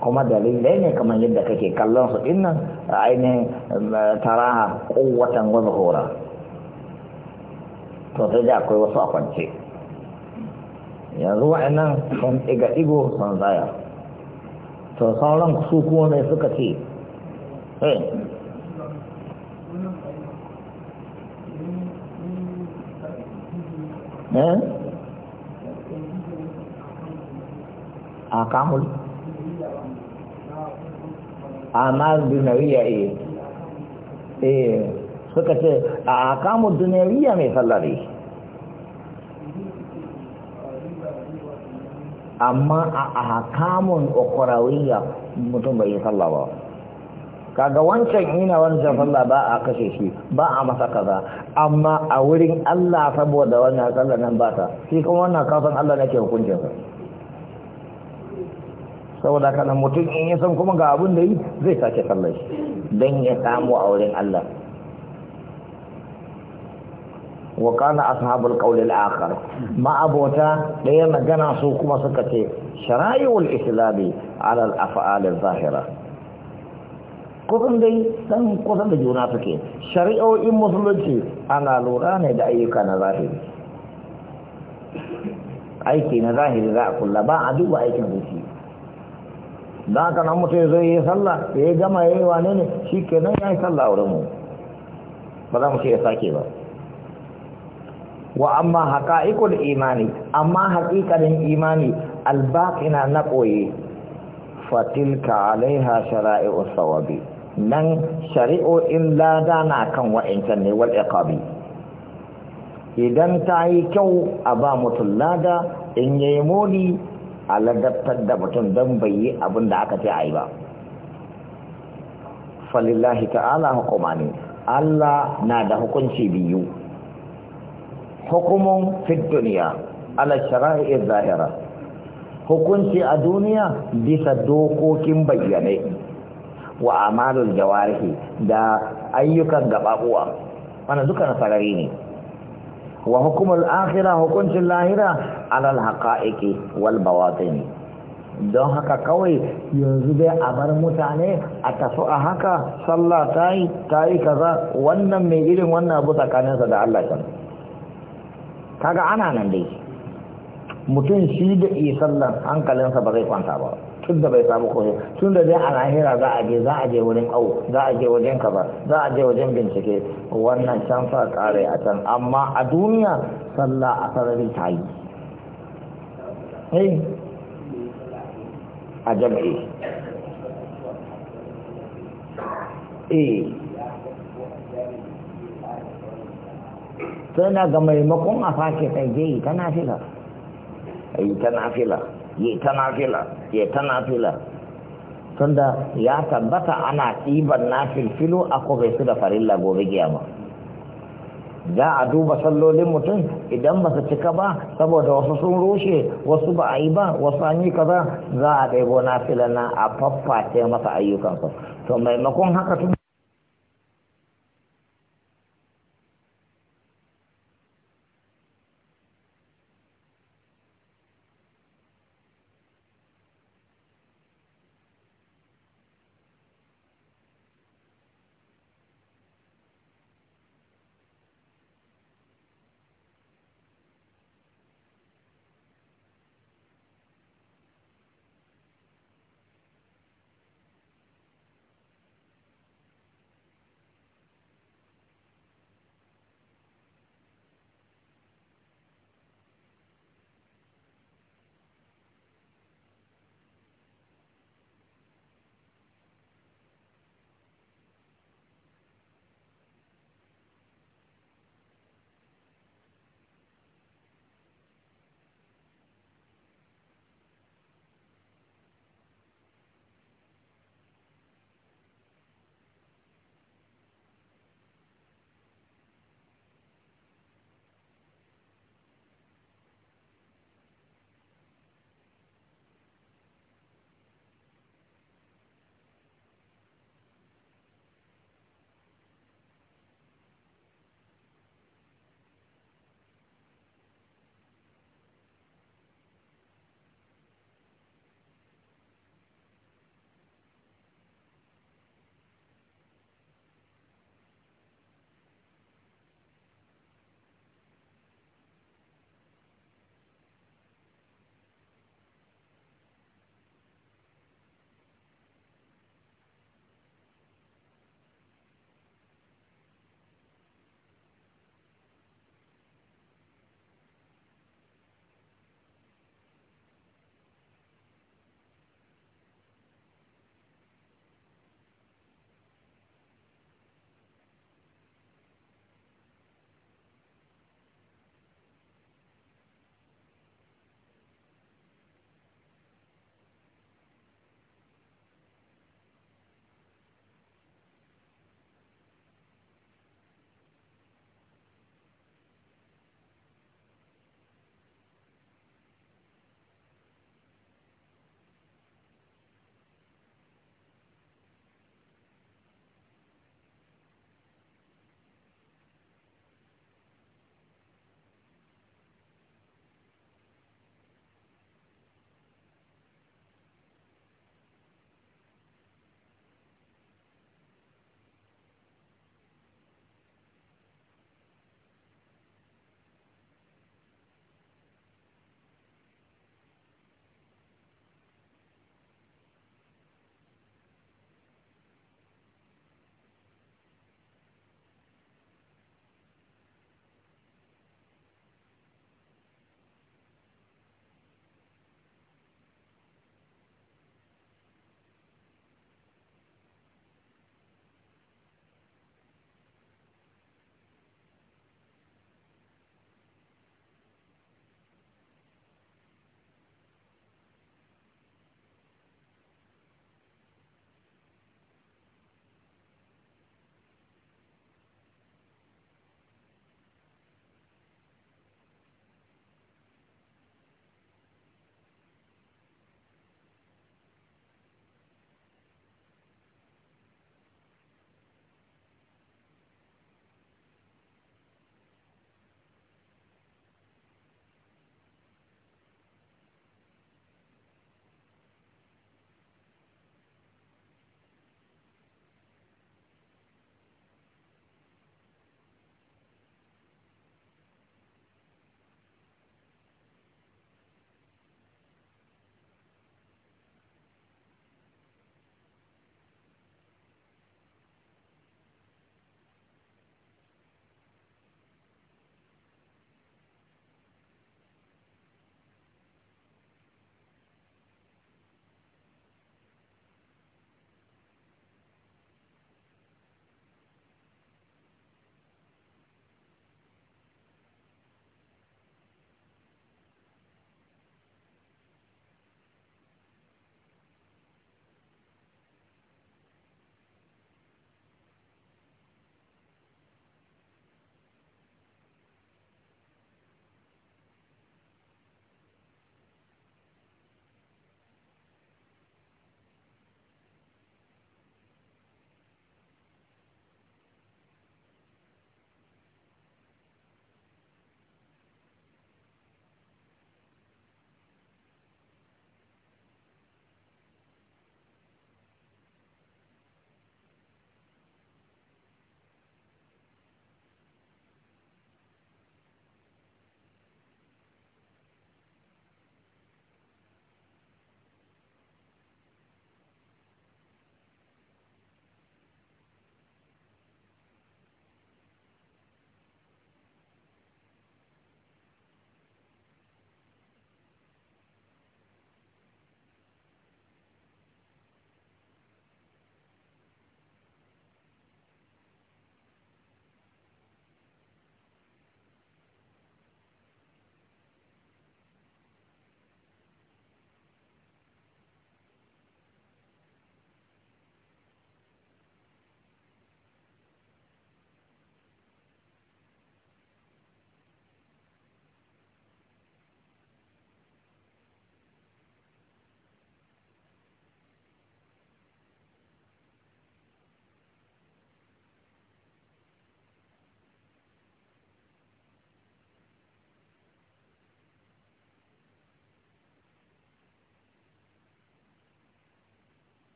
kuma dalilai ne kamar yadda kake kallon su a ainihin eh, taraha kowatan wata hora to sai da akwai wasu a kwance yanzu wa'annan sun ɗiga ɗigo sun zaya to sauran su kuma mai suka ce eh, eh? a kamul amal duniya eh eh suka ce a akamu duniya mai sallari amma a akamun ukurawiya mutum bai yi sallah ba kaga wancan ina wancan sallah ba a kashe shi ba a masa kaza amma a wurin Allah saboda wannan sallah nan ba ta shi kuma wannan kasan Allah nake hukuncin sa saboda haka mutum in ya san kuma ga abin da yi zai sake sallar shi don ya samu a wurin Allah wa kana ashabul qawl al-akhar ma abota daya magana su kuma suka ce shara'i'ul islami ala al-af'al al-zahira kusan dai dan kusan da juna suke shari'o'in musulunci ana lura ne da ayyuka na zahiri aiki na zahiri za a kulla ba a duba aikin zuci da aka nan mutum ya zo ya yi sallah ya gama ya yi wane ne shi ke nan ya yi sallah wurin mu ba za mu ce ya sake ba wa amma haka ikon imani amma haƙiƙanin imani albaƙina na ɓoye fatilka alaiha shara'i'u sawabi nan shari'o'in lada na kan wa'incan ne wal iqabi idan ta yi kyau a ba mutum lada in yayi moli a ladabtar da mutum don bai yi abin da aka ce a yi ba falillahi ta'ala hukuma ne Allah na da hukunci biyu hukumun fit duniya ala shara'i'ir zahira hukunci a duniya bisa dokokin bayyane wa amalul jawarihi da ayyukan gaba'uwa wannan duka na sarari ne wa hukumul akhira hukuncin lahira alal haqa'iqi wal bawatin don haka kawai yanzu dai a bar mutane a tafi a haka sallah tayi tayi kaza wannan mai irin wannan abu tsakaninsa da Allah kan kaga ana nan dai mutum shi da iya sallan hankalinsa ba zai kwanta ba tun da bai samu koyo tun da dai a lahira za a je za a je wurin au za a je wajen kaza za a je wajen bincike wannan can sa kare a can amma a duniya sallah a sarari ta yi eh? a jam'i eh. tana ga maimakon a sake kai je yi ta nafila yi ta nafila yi ta nafila Tana ta nafila tunda ya tabbata ana ɗiban nafilfilo a kofai su da farilla gobe giyama za a duba sallolin mutum idan ba su cika ba saboda wasu sun rushe wasu ba a yi ba wasu an yi kaza za a ɗaibo nafila na a fafface masa ayyukansa to maimakon haka tun